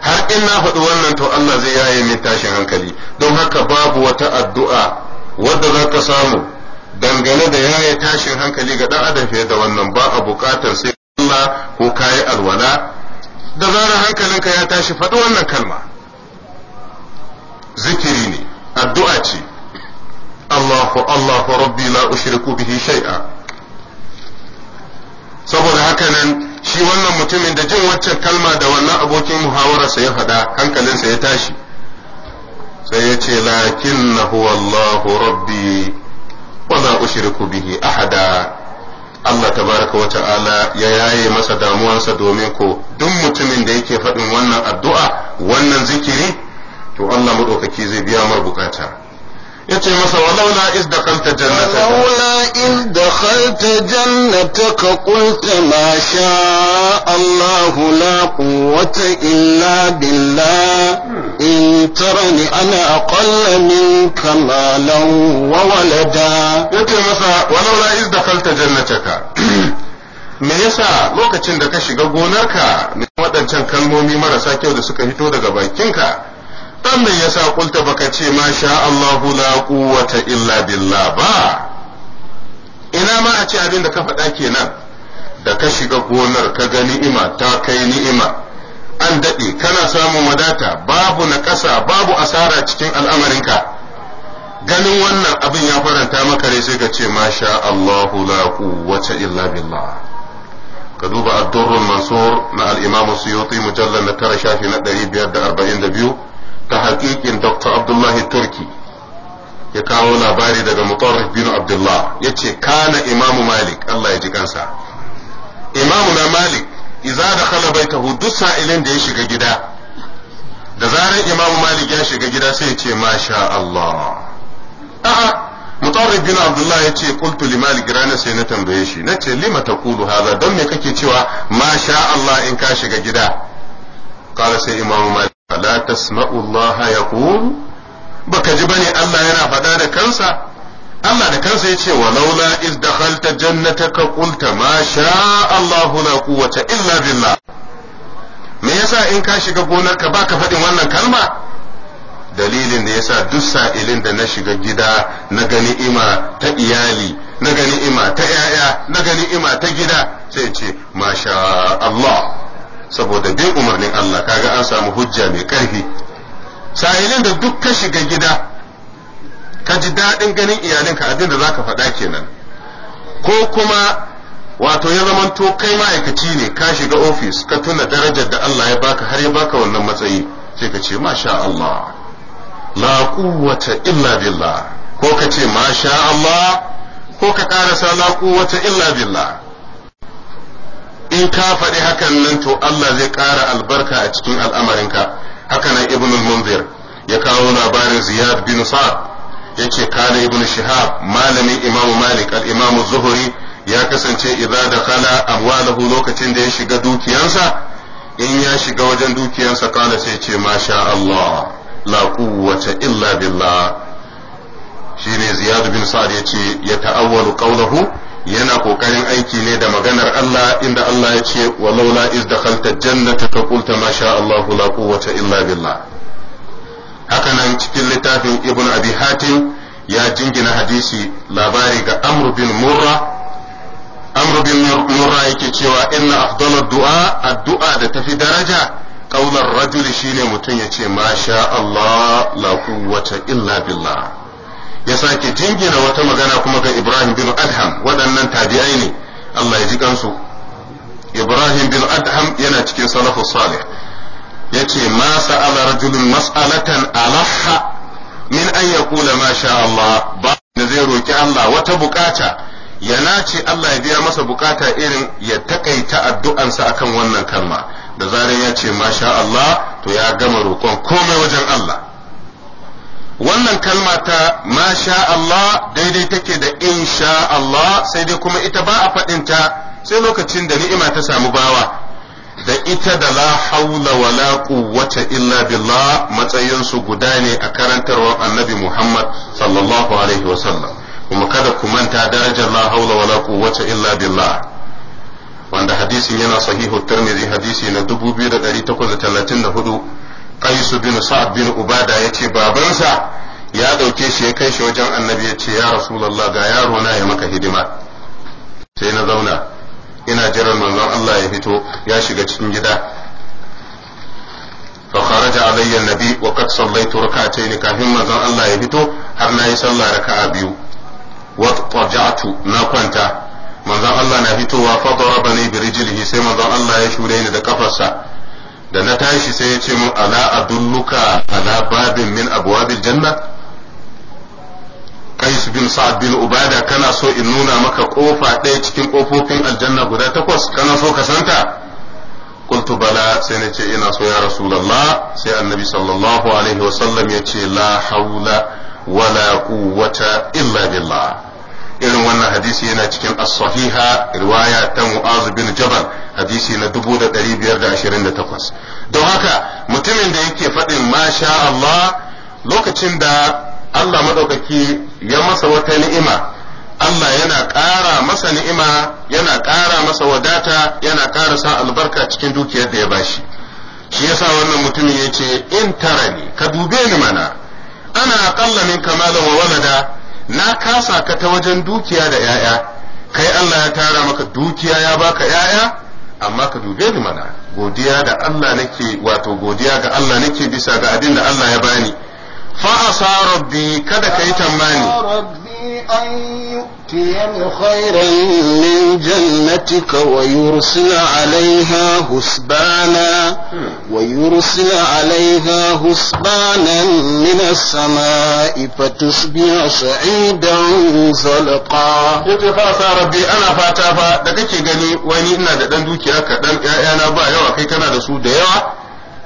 har in na faɗi wannan to Allah zai yaye min tashin hankali don haka babu wata addu'a wadda za ka samu dangane da yaye tashin hankali ga ɗan adam fiye da wannan ba a buƙatar sai sallah ko kayi alwala da zarar hankalinka ya tashi faɗi wannan kalma zikiri ne addu'a ce Allahu Allahu rabbi la ushriku bihi shay'a saboda haka nan shi wannan mutumin da jin waccan kalma da wannan abokin muhawararsa ya faɗa hankalinsa ya tashi sai ya ce lakinnahu Allahu rabbi wa la ushriku bihi ahada Allah tabaraka wa ta'ala ya yaye masa damuwansa domin ko duk mutumin da yake faɗin wannan addu'a wannan zikiri to Allah maɗaukaki zai biya mar bukata yace masa walaula iz dakhalta jannataka walaula iz dakhalta ka qulta ma sha Allah la quwwata illa billah in tarani ana aqalla minka kamalan wa walada yace masa walaula iz dakhalta jannataka me yasa lokacin da ka shiga gonarka ne waɗancan kalmomi marasa kyau da suka fito daga bakinka wannan ya sa kulta baka ce ma sha Allahu la quwwata illa billah ba ina ma a ce abin da ka faɗa kenan da ka shiga gonar ka ga ni'ima ta kai ni'ima an daɗe kana samun wadata babu na ƙasa babu asara cikin al'amarinka ganin wannan abin ya faranta maka ne sai ka ce ma sha Allahu la quwwata illa billah ka duba ad-durrul mansur na al-imam suyuti mujallal na tara shafi na 542 ta haƙiƙin dr abdullahi turki ya kawo labari daga mutarrif bin abdullah ya ce kana imamu malik allah ya ji kansa imamu na malik iza da kala baitahu duk sa'ilin da ya shiga gida da zarar imamu malik ya shiga gida sai ya ce masha allah a'a mutarrif bin abdullah ya ce qultu li malik ranar sai na tambaye shi na ce lima taqulu haza don me kake cewa masha allah in ka shiga gida qala sai imamu malik فلا تسمع الله يقول baka ji ba ne Allah yana faɗa da kansa Allah da kansa yace walaula iz dakhalta jannataka qulta ma sha Allah la quwwata illa billa. me yasa in ka shiga gonarka baka faɗin wannan kalma dalilin da yasa duk sa'ilin da na shiga gida na gani ima ta iyali na gani ima ta yaya na gani ima ta gida sai ce masha Allah saboda bin umarnin Allah kaga an samu hujja mai ƙarfi sahilin da duk ka shiga gida ka ji daɗin ganin iyalinka abin da za ka faɗa kenan ko kuma wato ya zamanto kai ma'aikaci ne ka shiga ofis ka tuna darajar da Allah ya baka har ya baka wannan matsayi sai ka ce masha Allah la quwwata illa billah ko ka ce masha Allah ko ka karasa la quwwata illa billah in ka faɗi hakan nan to Allah zai ƙara albarka a cikin al'amarinka haka nan ibn munzir ya kawo labarin ziyad bin sa'ad yace kana ibn shihab malami imamu malik al-imamu zuhri ya kasance da kala amwalahu lokacin da ya shiga dukiyansa in ya shiga wajen dukiyansa kana sai ce masha Allah la quwwata illa billah shine ziyad bin sa'ad ce ya ta'awwalu qawluhu yana kokarin aiki ne da maganar Allah inda Allah ya ce laula iz dakhalta jannata ka qulta ma sha Allahu la quwwata illa billah haka nan cikin littafin ibn abi hatim ya jingina hadisi labari ga amr bin murra amr bin murra yake cewa inna afdalu du'a addu'a da tafi daraja qaular rajuli shine mutum yace ma sha Allah la quwwata illa billah ya sake jingina wata magana kuma ga Ibrahim bin Adham waɗannan tabi'ai ne Allah ya ji kansu Ibrahim bin Adham yana cikin salafu salih yace ma sa'ala rajulun mas'alatan alaha min an yaqula ma sha Allah ba da zai roki Allah wata bukata ya nace Allah ya biya masa bukata irin ya takaita addu'ansa akan wannan kalma da zarar ya ce ma sha Allah to ya gama roƙon komai wajen Allah wannan kalma ta masha Allah daidai take da insha Allah sai dai kuma ita ba a faɗinta sai lokacin da ni'ima ta samu bawa da ita da la haula wa la quwwata illa billah matsayinsu guda ne a karantarwar annabi Muhammad sallallahu alaihi wa sallam kuma kada ku manta darajar la haula wa la quwwata illa billah wanda hadisin yana sahihu tirmidhi hadisi na 2834 qais bin sa'ad bin Uba da ya ce babansa ya ɗauke shi ya kai shi wajen annabi ya ce ya rasu rasulullah ga yaro na ya maka hidima sai na zauna ina jiran manzon Allah ya fito ya shiga cikin gida fa kharaja alayya nabi wa qad sallaitu ni kafin manzon Allah ya fito har na yi sallah raka'a biyu wa tajatu na kwanta manzon Allah na fitowa fa darabani bi rijlihi sai manzon Allah ya shure ni da kafarsa da na tashi sai ya ce mu ala adulluka ala babin min abwabil janna Qais bin Sa'ad bin Ubada kana so in nuna maka kofa ɗaya cikin kofofin aljanna guda takwas kana so ka santa qultu bala sai nace ina so ya rasulullah sai annabi sallallahu alaihi wasallam ya ce la haula wala quwwata illa irin wannan hadisi yana cikin as-sahiha riwaya ta mu'az bin jabal hadisi na 1528 don haka mutumin da yake faɗin masha Allah lokacin da Allah madaukaki ya masa wata ni'ima Allah yana ƙara masa ni'ima yana ƙara masa wadata yana ƙara sa albarka cikin dukiyar da ya bashi shi yasa wannan mutumin ya ce in tara ka dube ni mana ana aƙalla min kamalan wa walada na kasa ka ta wajen dukiya da 'ya'ya kai Allah ya tara maka dukiya ya baka 'ya'ya amma ka dube ni mana godiya da Allah nake wato godiya ga Allah nake bisa ga abin da Allah ya bani fa asa rabbi kada kai tambani أن يؤتيني خيرا من جنتك ويرسل عليها حسبانا ويرسل عليها حسبانا من السماء فتصبح سعيدا زلقا yace fa sa rabbi ana fata fa da kake gani wani ina da dan dukiya ka dan ƴaƴana ba yawa kai kana da su da yawa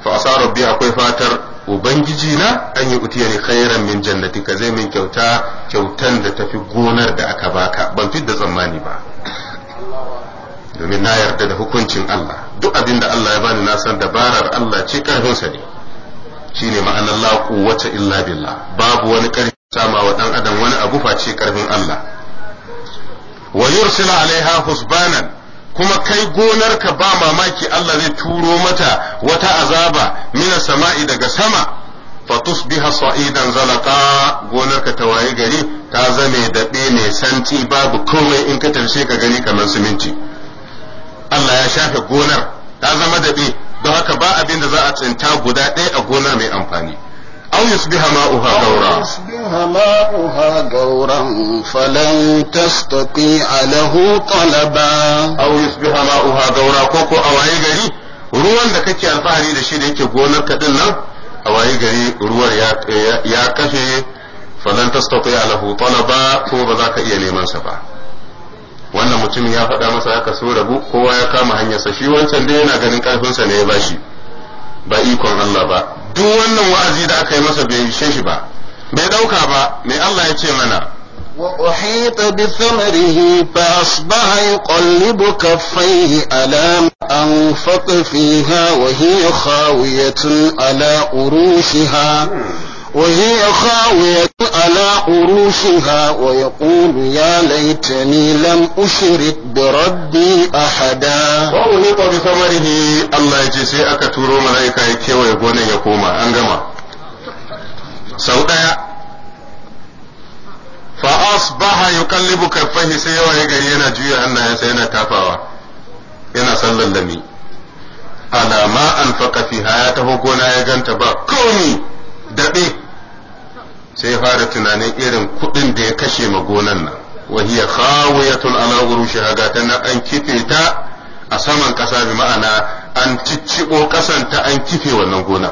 fa sa rabbi akwai fatar ubangiji na an yi utiya ne khairan min jannati ka zai min kyauta kyautan da tafi gonar da aka baka ban fi da tsammani ba domin na yarda da hukuncin Allah duk abin da Allah ya bani na san dabarar Allah ce karfinsa ne shine ma'anar la quwwata illa billah babu wani karfi sama wa dan adam wani abu face karfin Allah wa yursila alaiha husbanan kuma kai gonarka ba mamaki Allah zai turo mata wata azaba mina sama'i daga sama fatus biha sa'idan zalaka gonarka ta waye gari ta zame daɓe mai santi babu komai in ka tarshe ka gani kamar siminti Allah ya shafe gonar ta zama daɓe don haka ba abin da za a tsinta guda ɗaya a gona mai amfani أو يصبح ماؤها غورا أو يصبح ماؤها غورا فلن تستطيع له طلبا أو يصبح ماؤها غورا كوكو أو أي غري روان da kake alfahari da shi da yake gonar ka din nan a waye gari ruwar ya kafe falan tastati lahu talaba ko ba za ka wannan mutum ya faɗa masa haka so rabu kowa ya kama hanyarsa shi wancan dai yana ganin karfin sa ne ya bashi ba ikon Allah ba duk wannan wa'azi da aka yi masa bai ishe shi ba bai dauka ba mai Allah ya ce mana وأحيط بثمره فأصبح يقلب كفيه على أنفق فيها وهي خاوية على أروشها وهي خاوية على عروشها ويقول يا ليتني لم أشرك بربي أحدا وأهيط بثمره الله يجزي أكتورو ملائكة يكيو يقول يقوم أنجما سوداء فأصبح يقلب كفيه سيوا يجري أنا جوي أنا سينا تافاوا أنا صلى اللمي على ما أنفق فيها يا تهو ya ganta ba komi daɓe sai fara tunanin irin kuɗin da ya kashe ma gonan nan wahiya khawiyatun ala urushiha haga ta na an kife ta a saman ƙasa bi ma'ana an cicciɓo ƙasan ta an kife wannan gona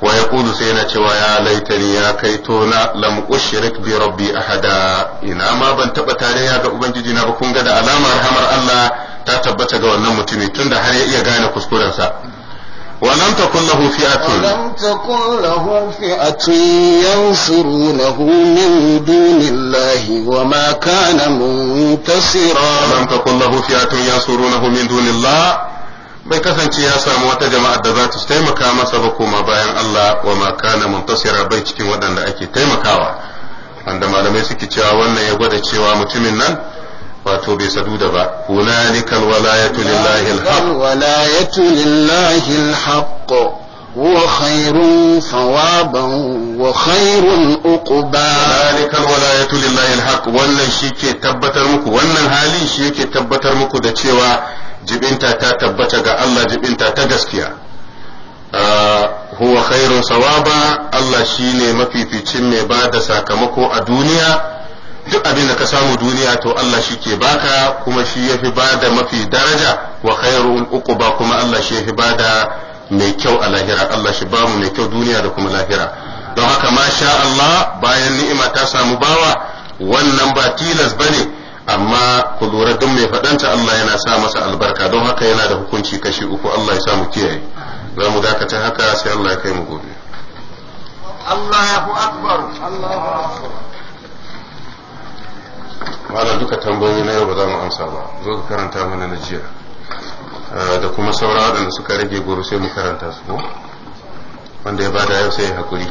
wa ya kudu sai na cewa ya laitani ya kai tona lam ushrik bi rabbi ahada ina ma ban taɓa tarayya ga ubangiji na ba kun ga da alamar hamar Allah ta tabbata ga wannan mutumi tunda har ya iya gane kuskurensa ولم تكن له فئة ولم تكن له فئة ينصرونه من دون الله وما كان منتصرا ولم تكن له فئة ينصرونه من دون الله bai kasance ya samu wata jama'ar da za ta taimaka masa ba kuma bayan Allah wa ma kana muntasira bai cikin waɗanda ake taimakawa wanda malamai suke cewa wannan ya gwada cewa mutumin nan wato bai saduda ba hunalikal walayatu lillahi alhaq walayatu lillahi alhaq wa khairun sawaban wa khairun uquba hunalikal walayatu lillahi alhaq wannan shike tabbatar muku wannan hali shi yake tabbatar muku da cewa jibinta ta tabbata ga Allah jibinta ta gaskiya ah, huwa khairun sawaba Allah shine mafificin mai bada sakamako a duniya duk abin da ka samu duniya to Allah shi ke baka kuma shi ya fi bada mafi daraja wa khairun uquba kuma Allah shi ya fi bada mai kyau a lahira Allah shi ba mu mai kyau duniya da kuma lahira don haka masha Allah bayan ni'ima ta samu bawa wannan ba tilas bane amma ku lura duk mai faɗanta Allah yana sa masa albarka don haka yana da hukunci kashi uku Allah ya samu kiyaye za mu dakata haka sai Allah ya kai mu gobe Allahu akbar Allahu akbar malam duka tambayoyi na yau ba za mu amsa ba zo ka karanta mana na jiya eh, da kuma saura waɗanda suka rage goro sai mu karanta su ko wanda ya bada yau sai hakuri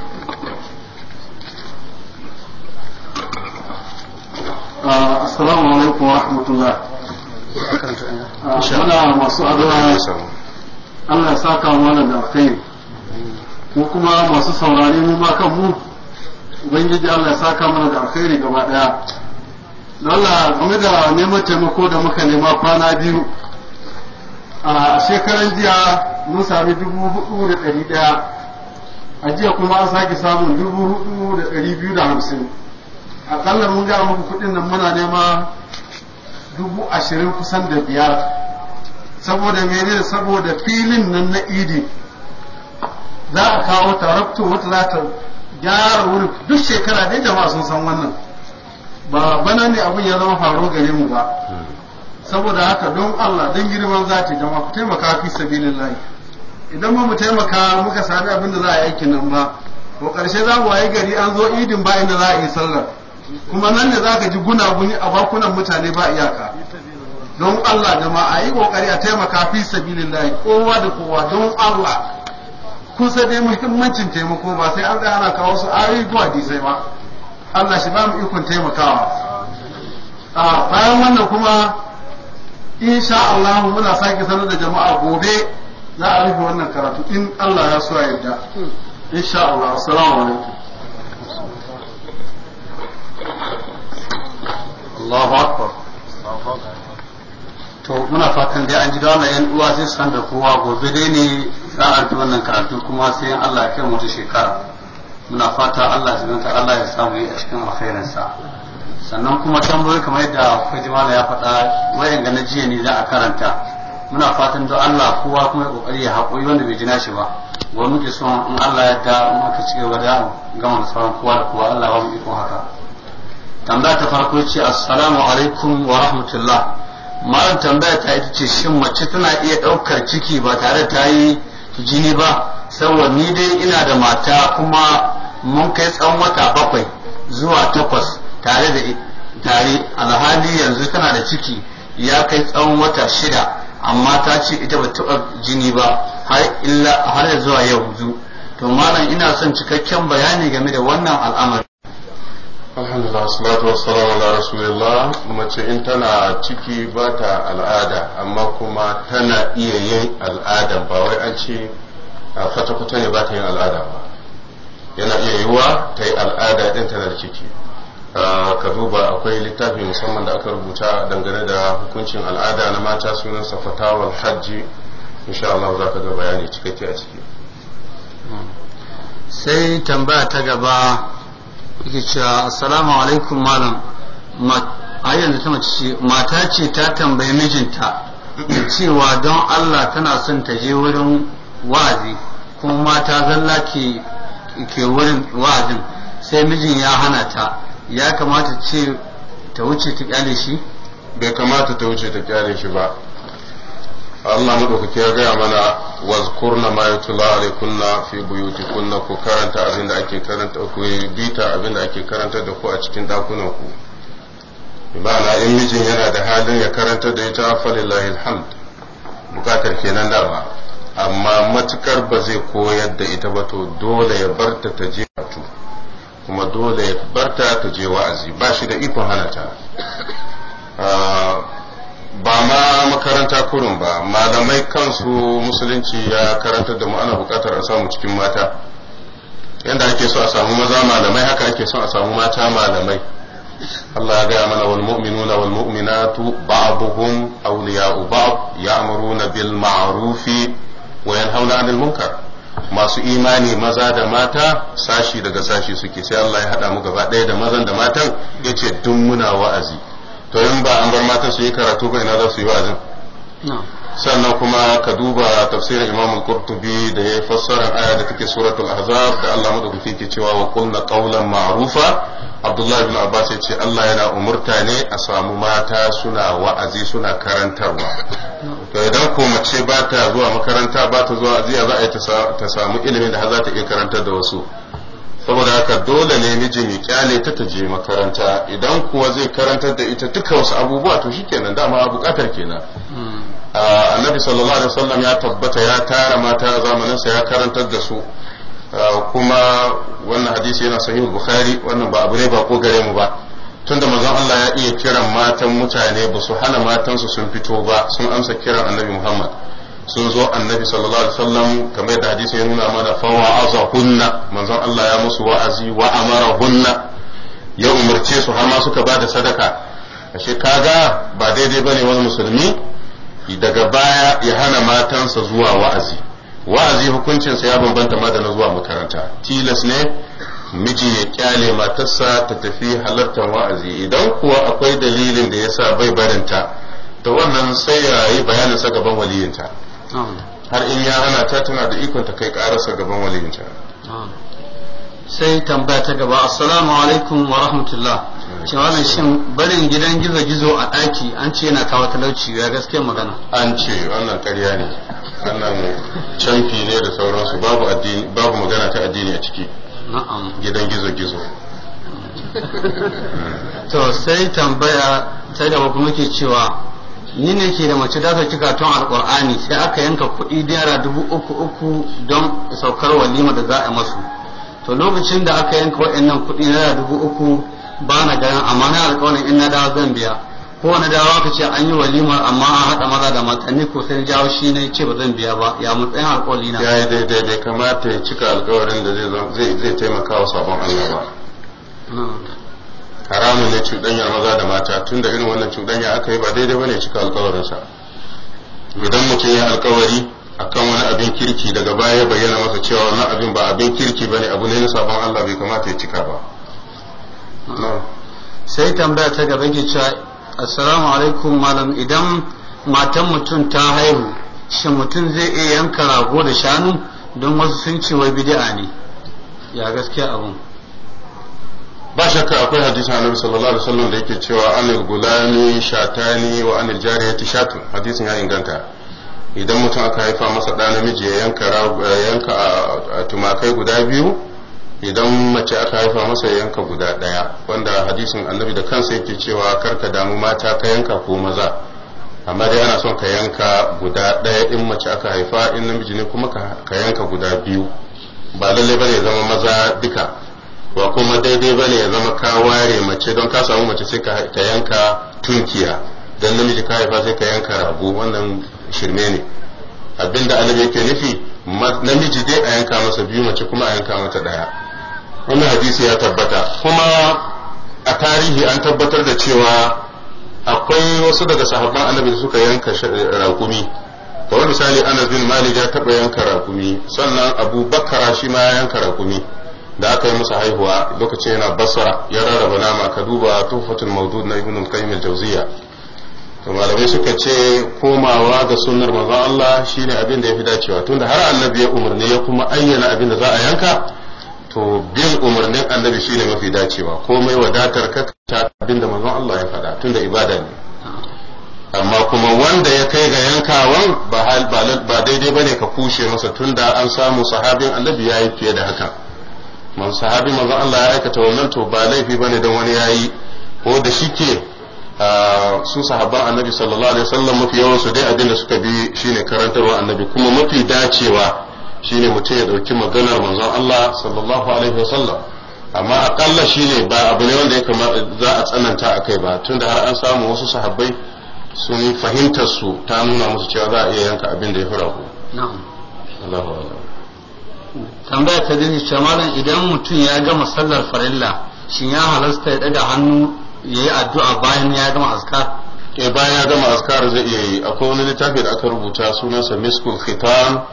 ah, assalamu alaikum wa rahmatullah ah, muna masu addu'a Allah ya saka mana da alkhairi ko kuma masu saurare mu ma kan mu ubangiji Allah ya saka mana da alkhairi gaba daya Allah game da neman taimako da muka nema kwana biyu a shekaran jiya mun sami dubu hudu da ɗari ɗaya a jiya kuma an sake samun dubu hudu da ɗari biyu da hamsin akalla mun gaya muku kuɗin nan muna nema dubu ashirin kusan da biyar saboda mene saboda filin nan na idi za a kawo tarabtu wata za ta gyara wuri duk shekara dai jama'a sun san wannan ba bana ne abin ya zama faro gare mu ba saboda haka don Allah don girman zati da ku taimaka fi lai idan ba mu taimaka muka sami abin da za a yi aikin nan ba ko karshe za mu waye gari an zo idin ba inda za a yi sallar kuma nan ne za ka ji gunaguni a bakunan mutane ba iyaka don Allah jama'a yi kokari a taimaka fi lai kowa da kowa don Allah kusa dai muhimmancin taimako ba sai an ga ana kawo su ayoyi ko ba Allah shi ba mu ikon taimakawa a bayan wannan kuma insha Allah muna sake sanar da jama'a gobe za a rufe wannan karatu in Allah ya so ya yarda insha Allah assalamu alaikum Allahu akbar to muna fatan dai an ji da wannan yan uwa sai san da kowa gobe dai ne za a rufe wannan karatu kuma sai Allah ya kai mutu shekara muna fata Allah zanta Allah ya samu yi a cikin alkhairin sannan kuma tambayoyi kamar yadda Fajimala ya faɗa wayan ga na jiya ne za a karanta muna fatan don Allah kowa kuma ya kokari ya haƙuri wanda bai jina shi ba wani muke son in Allah ya da muka ci gaba da gama sauran kowa da kowa Allah ba mu iko haka tambaya ta farko ce assalamu alaikum wa rahmatullah malam tambaya ta ita ce shin mace tana iya ɗaukar ciki ba tare ta yi jini ba saboda ni dai ina da mata kuma mun kai tsawon wata bakwai zuwa takwas tare da tare alhali yanzu tana da ciki ya kai tsawon wata shida amma ta ce ita ba taɓa jini ba har illa har zuwa yau zu to malam ina son cikakken bayani game da wannan al'amari alhamdulillah salatu wassalamu ala rasulillah mace in tana ciki ba ta al'ada amma kuma tana iya yin al'ada ba wai an ce kwata-kwata ne ba ta yin al'ada ba yana iya yiwa ta yi al'ada ɗin tana da ciki ka duba akwai littafi musamman da aka rubuta dangane da hukuncin al'ada na mata sunansa safatawar hajji insha Allah za ka ga bayani cikakke a ciki hmm. sai tambaya ta gaba yake cewa assalamu alaikum malam a da ta mace ce mata ce ta tambayi mijinta cewa don Allah tana son ta je wurin wazi kuma mata zalla ke ke wurin wazin sai mijin ya hana ta ya kamata ce ta wuce ta kyale shi bai kamata ta wuce ta kyale shi ba Allah madaukake ya gaya mana wazkurna ma yutla alaykunna fi buyutikunna ku karanta abinda ake karanta ku bita abinda ake karanta da ku a cikin dakunan ku ma'ana in mijin yana da halin ya karanta da ita falillahi alhamd bukatar kenan daba amma matukar ba zai koyar da ita ba to dole ya barta ta je wato kuma dole ya barta ta je wa'azi ba shi da ikon hana ta ah, ba ma makaranta kurun ba malamai kansu musulunci ya karanta da mu ana bukatar a samu cikin mata yadda ake so a samu maza malamai haka ake so a samu mata malamai Allah ya gaya mana wal mu'minuna wal mu'minatu ba'dhum awliya'u ba'd ya'muruna bil ma'rufi wa yanhauna 'anil munkar masu imani maza da mata sashi daga sashi suke sai Allah ya hada mu gaba ɗaya da mazan da matan yace duk muna wa'azi to in ba an bar matan su yi karatu ba ina za su yi wa'azin sannan kuma ka duba tafsirin imam al-qurtubi da ya fassara aya da take suratul ahzab da Allah madaukaki ke cewa wa qulna qawlan ma'rufa abdullahi bin abbas ya ce Allah yana umurta ne a samu mata suna wa'azi suna karantarwa to idan ko mace ba ta zuwa makaranta ba ta zuwa aziya za a yi ta samu ilimin da za ta iya karantar da wasu saboda haka dole ne miji ya kyale ta ta je makaranta idan kuwa zai karantar da ita duka wasu abubuwa to shikenan dama bukatar kenan hmm. annabi sallallahu alaihi wasallam ya tabbata ya tara mata a sa ya karantar da su kuma wannan hadisi yana sahih bukhari wannan ba abu ne ba ko gare mu ba tunda manzon Allah ya iya kiran matan mutane ba su hana matan su sun fito ba sun amsa kiran annabi Muhammad sun zo annabi sallallahu alaihi wasallam kamar yadda hadisi ya nuna mana fa hunna manzon Allah ya musu wa'azi wa amarahunna ya umarce su har ma suka ba da sadaka ashe kaga ba daidai bane wani musulmi daga baya ya hana matansa zuwa wa'azi wa'azi hukuncinsa ya bambanta ma da na zuwa makaranta tilas ne miji ya kyale matarsa ta tafi halartar wa'azi idan kuwa akwai dalilin da yasa bai barinta ta wannan sai ya yi sa gaban waliyinta har in ya hana ta tana da ikon ta kai karasa gaban waliyinta sai tambaya ta gaba assalamu alaikum wa rahmatullah cewa ne shin barin gidan gizo gizo a daki an ce yana kawo talauci ya gaskiyar magana an ce wannan ƙarya ne wannan canfi ne da sauransu babu addini babu magana ta addini a ciki na'am gidan gizo gizo to sai tambaya sai da kuma ke cewa ni ne ke da mace ta sauki tun alkur'ani sai aka yanka kuɗi naira dubu uku uku don saukar walima da za a masu to lokacin da aka yanka waɗannan kuɗi naira dubu uku ba na ganin amma na alƙawarin in na dawa zan biya ko wani dawa ka ce an yi walimar amma an haɗa maza da mata ni ko sai jawo shi ne ce ba zan biya ba ya matsayin alkawari na. ya yi daidai da kamata ya cika alƙawarin da zai taimaka wa sabon Allah ba. haramun ne cuɗanya maza da mata tun da irin wannan cuɗanya aka yi ba daidai bane cika alkawarinsa idan mutum ya alkawari akan wani abin kirki daga baya bayyana masa cewa wannan abin ba abin kirki bane abu ne na sabon Allah bai kamata ya cika ba sai tambaya ta gaba ke cewa assalamu alaikum malam idan matan mutum ta haihu shi mutum zai iya yanka rago da shanu don wasu sun ce wai bid'a ne ya gaskiya abun ba shakka akwai hadisin annabi sallallahu alaihi wasallam da yake cewa anil gulami shatani wa anil jariyati shatun hadisin ya inganta idan mutum aka haifa masa ɗa namiji ya yanka yanka tumakai guda biyu idan mace aka haifa masa ya yanka guda ɗaya wanda hadisin annabi da kansa yake cewa kar ka damu mata ka yanka ko maza amma dai ana son ka yanka guda ɗaya in mace aka haifa in namiji ne kuma ka yanka guda biyu ba lallai bane zama maza duka wa kuma daidai ba ne ya zama ka ware mace don ka samu mace sai ka yanka tunkiya don namiji ka haifa sai ka yanka rago wannan shirme ne abinda annabi yake nufi namiji dai a yanka masa biyu mace kuma a yanka mata daya wannan hadisi ya tabbata kuma a tarihi an tabbatar da cewa akwai wasu daga sahabban annabi da suka yanka rakumi kamar misali anas bin malik ya taba yanka rakumi sannan abu bakara shi ma ya yanka rakumi da aka yi masa haihuwa lokacin yana basara ya rarraba nama ka duba tufatin maudu na ibn al-qayyim al jawziya to malamai suka ce komawa ga sunnar manzo Allah shine abin da yafi dacewa tunda har annabi ya umarni ya kuma ayyana abin da za a yanka to bin umarnin annabi shine mafi dacewa komai wadatar ka ta abin da manzo Allah ya faɗa tunda ibada ne amma kuma wanda ya kai ga yankawan ba daidai bane ka kushe masa tunda an samu sahabin annabi yayi fiye da haka man sahabi manzo Allah ya aikata wannan to ba laifi bane dan wani yayi ko da shike su sahabban annabi sallallahu alaihi wasallam mafi yawan su dai abinda suka bi shine karantarwa annabi kuma mafi dacewa shine mutum ya dauki maganar manzo Allah sallallahu alaihi wasallam amma akalla shine ba abu ne wanda ya kamata za a tsananta akai ba tunda har an samu wasu sahabbai sun fahimtar su ta nuna musu cewa za a iya yanka abin da ya fara ku Na'am. Allahu tambaya ta dini cewa malam idan mutum ya gama sallar farilla shin ya halasta ya daga hannu ya yi addu'a bayan ya gama askar e eh, bayan ya gama askar zai iya yi akwai wani littafi da aka rubuta sunansa miskul khitan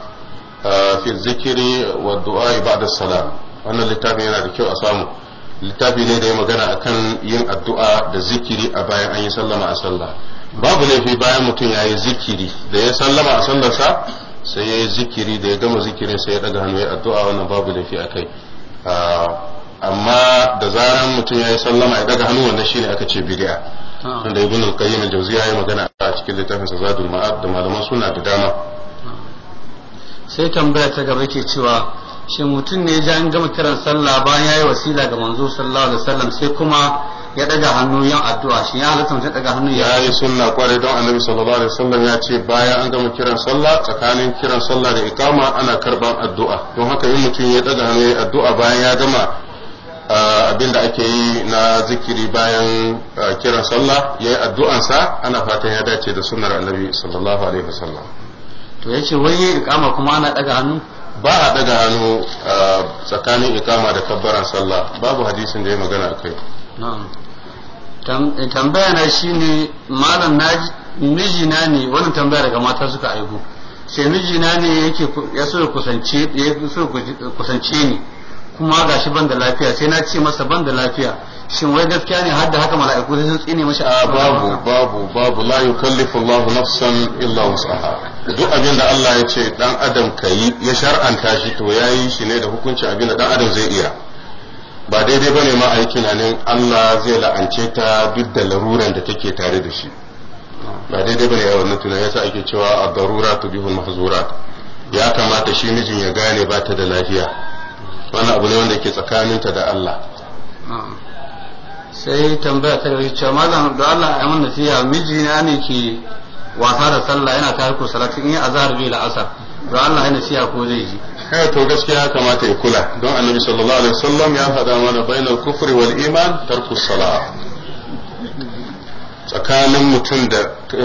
ah, fi zikiri wa du'a ba'da salam wannan littafi yana da kyau a samu littafi ne da ya magana akan yin addu'a da zikiri a bayan an yi sallama a sallah babu laifi bayan mutum ya yi zikiri da ya sallama a sallarsa sai ya yi zikiri da ya gama zikirin sai ya daga hannu ya addu'a wannan babu laifi a kai ah, amma da zaran mutum ya yi sallama ya daga hannu wannan shine aka ce bid'a wanda ibn al-qayyim al ya magana a cikin littafin sa zadul ma'ad da malaman suna da dama sai tambaya ta gaba ke cewa shin mutum ne ya an gama kiran sallah bayan ya yi wasila ga manzo sallallahu alaihi wasallam sai kuma ya daga hannu yan addu'a shi ya halatta mutum daga hannu ya yi sunna kwarai don annabi sallallahu alaihi wasallam ya ce bayan an gama kiran sallah tsakanin kiran sallah da ikama ana karban addu'a don haka in mutum ya daga hannu ya addu'a bayan ya gama abin da ake yi na zikiri bayan kiran sallah ya yi addu'ansa ana fatan ya dace da sunnar annabi sallallahu alaihi wasallam to ya wai yin ikama kuma ana daga hannu ba a daga hannu tsakanin ikama da kabbaran sallah babu hadisin da ya magana kai. Eh, tambaya na shi ne malam na mijina ne wannan tambaya daga mata suka aiko sai mijina ne ya so ya kusance eh, ni kuma shi ban da lafiya sai na ce masa ban da lafiya shin wai gaskiya ne har da haka mala'iku sai sun tsine mashi ah, a babu babu babu la yukallifu Allahu nafsan illa wus'aha duk abin da Allah ya ce dan adam kayi ya shar'anta shi to yayi shi ne da hukuncin abin da dan adam zai iya ba daidai bane ma a yi tunanin Allah zai la'ance ta duk da laruran da take tare da shi ba daidai bane a wannan tunanin yasa ake cewa a darura tu bihul mahzura ya kamata shi mijin ya gane ba ta da lafiya wannan abu ne wanda ke tsakaninta da Allah sai tambaya ta gari cewa malam da Allah ya mun nasiha miji na ne ke wasa da sallah yana tare ku salati in yi azhar bi la'asar da Allah ya nasiha ko zai ji kai eh, to gaskiya ya kamata ya kula don annabi sallallahu alaihi wasallam ya faɗa mana bainal kufri wal iman tarku salah tsakanin mutum da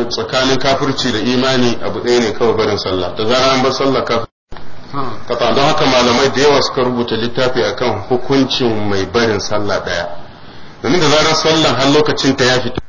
tsakanin kafirci da imani abu ɗaya ne kawai barin sallah da zarar an bar sallah kafa don haka malamai da yawa suka rubuta littafi akan hukuncin mai barin sallah ɗaya domin da zarar sallah har lokacin ta ya fito.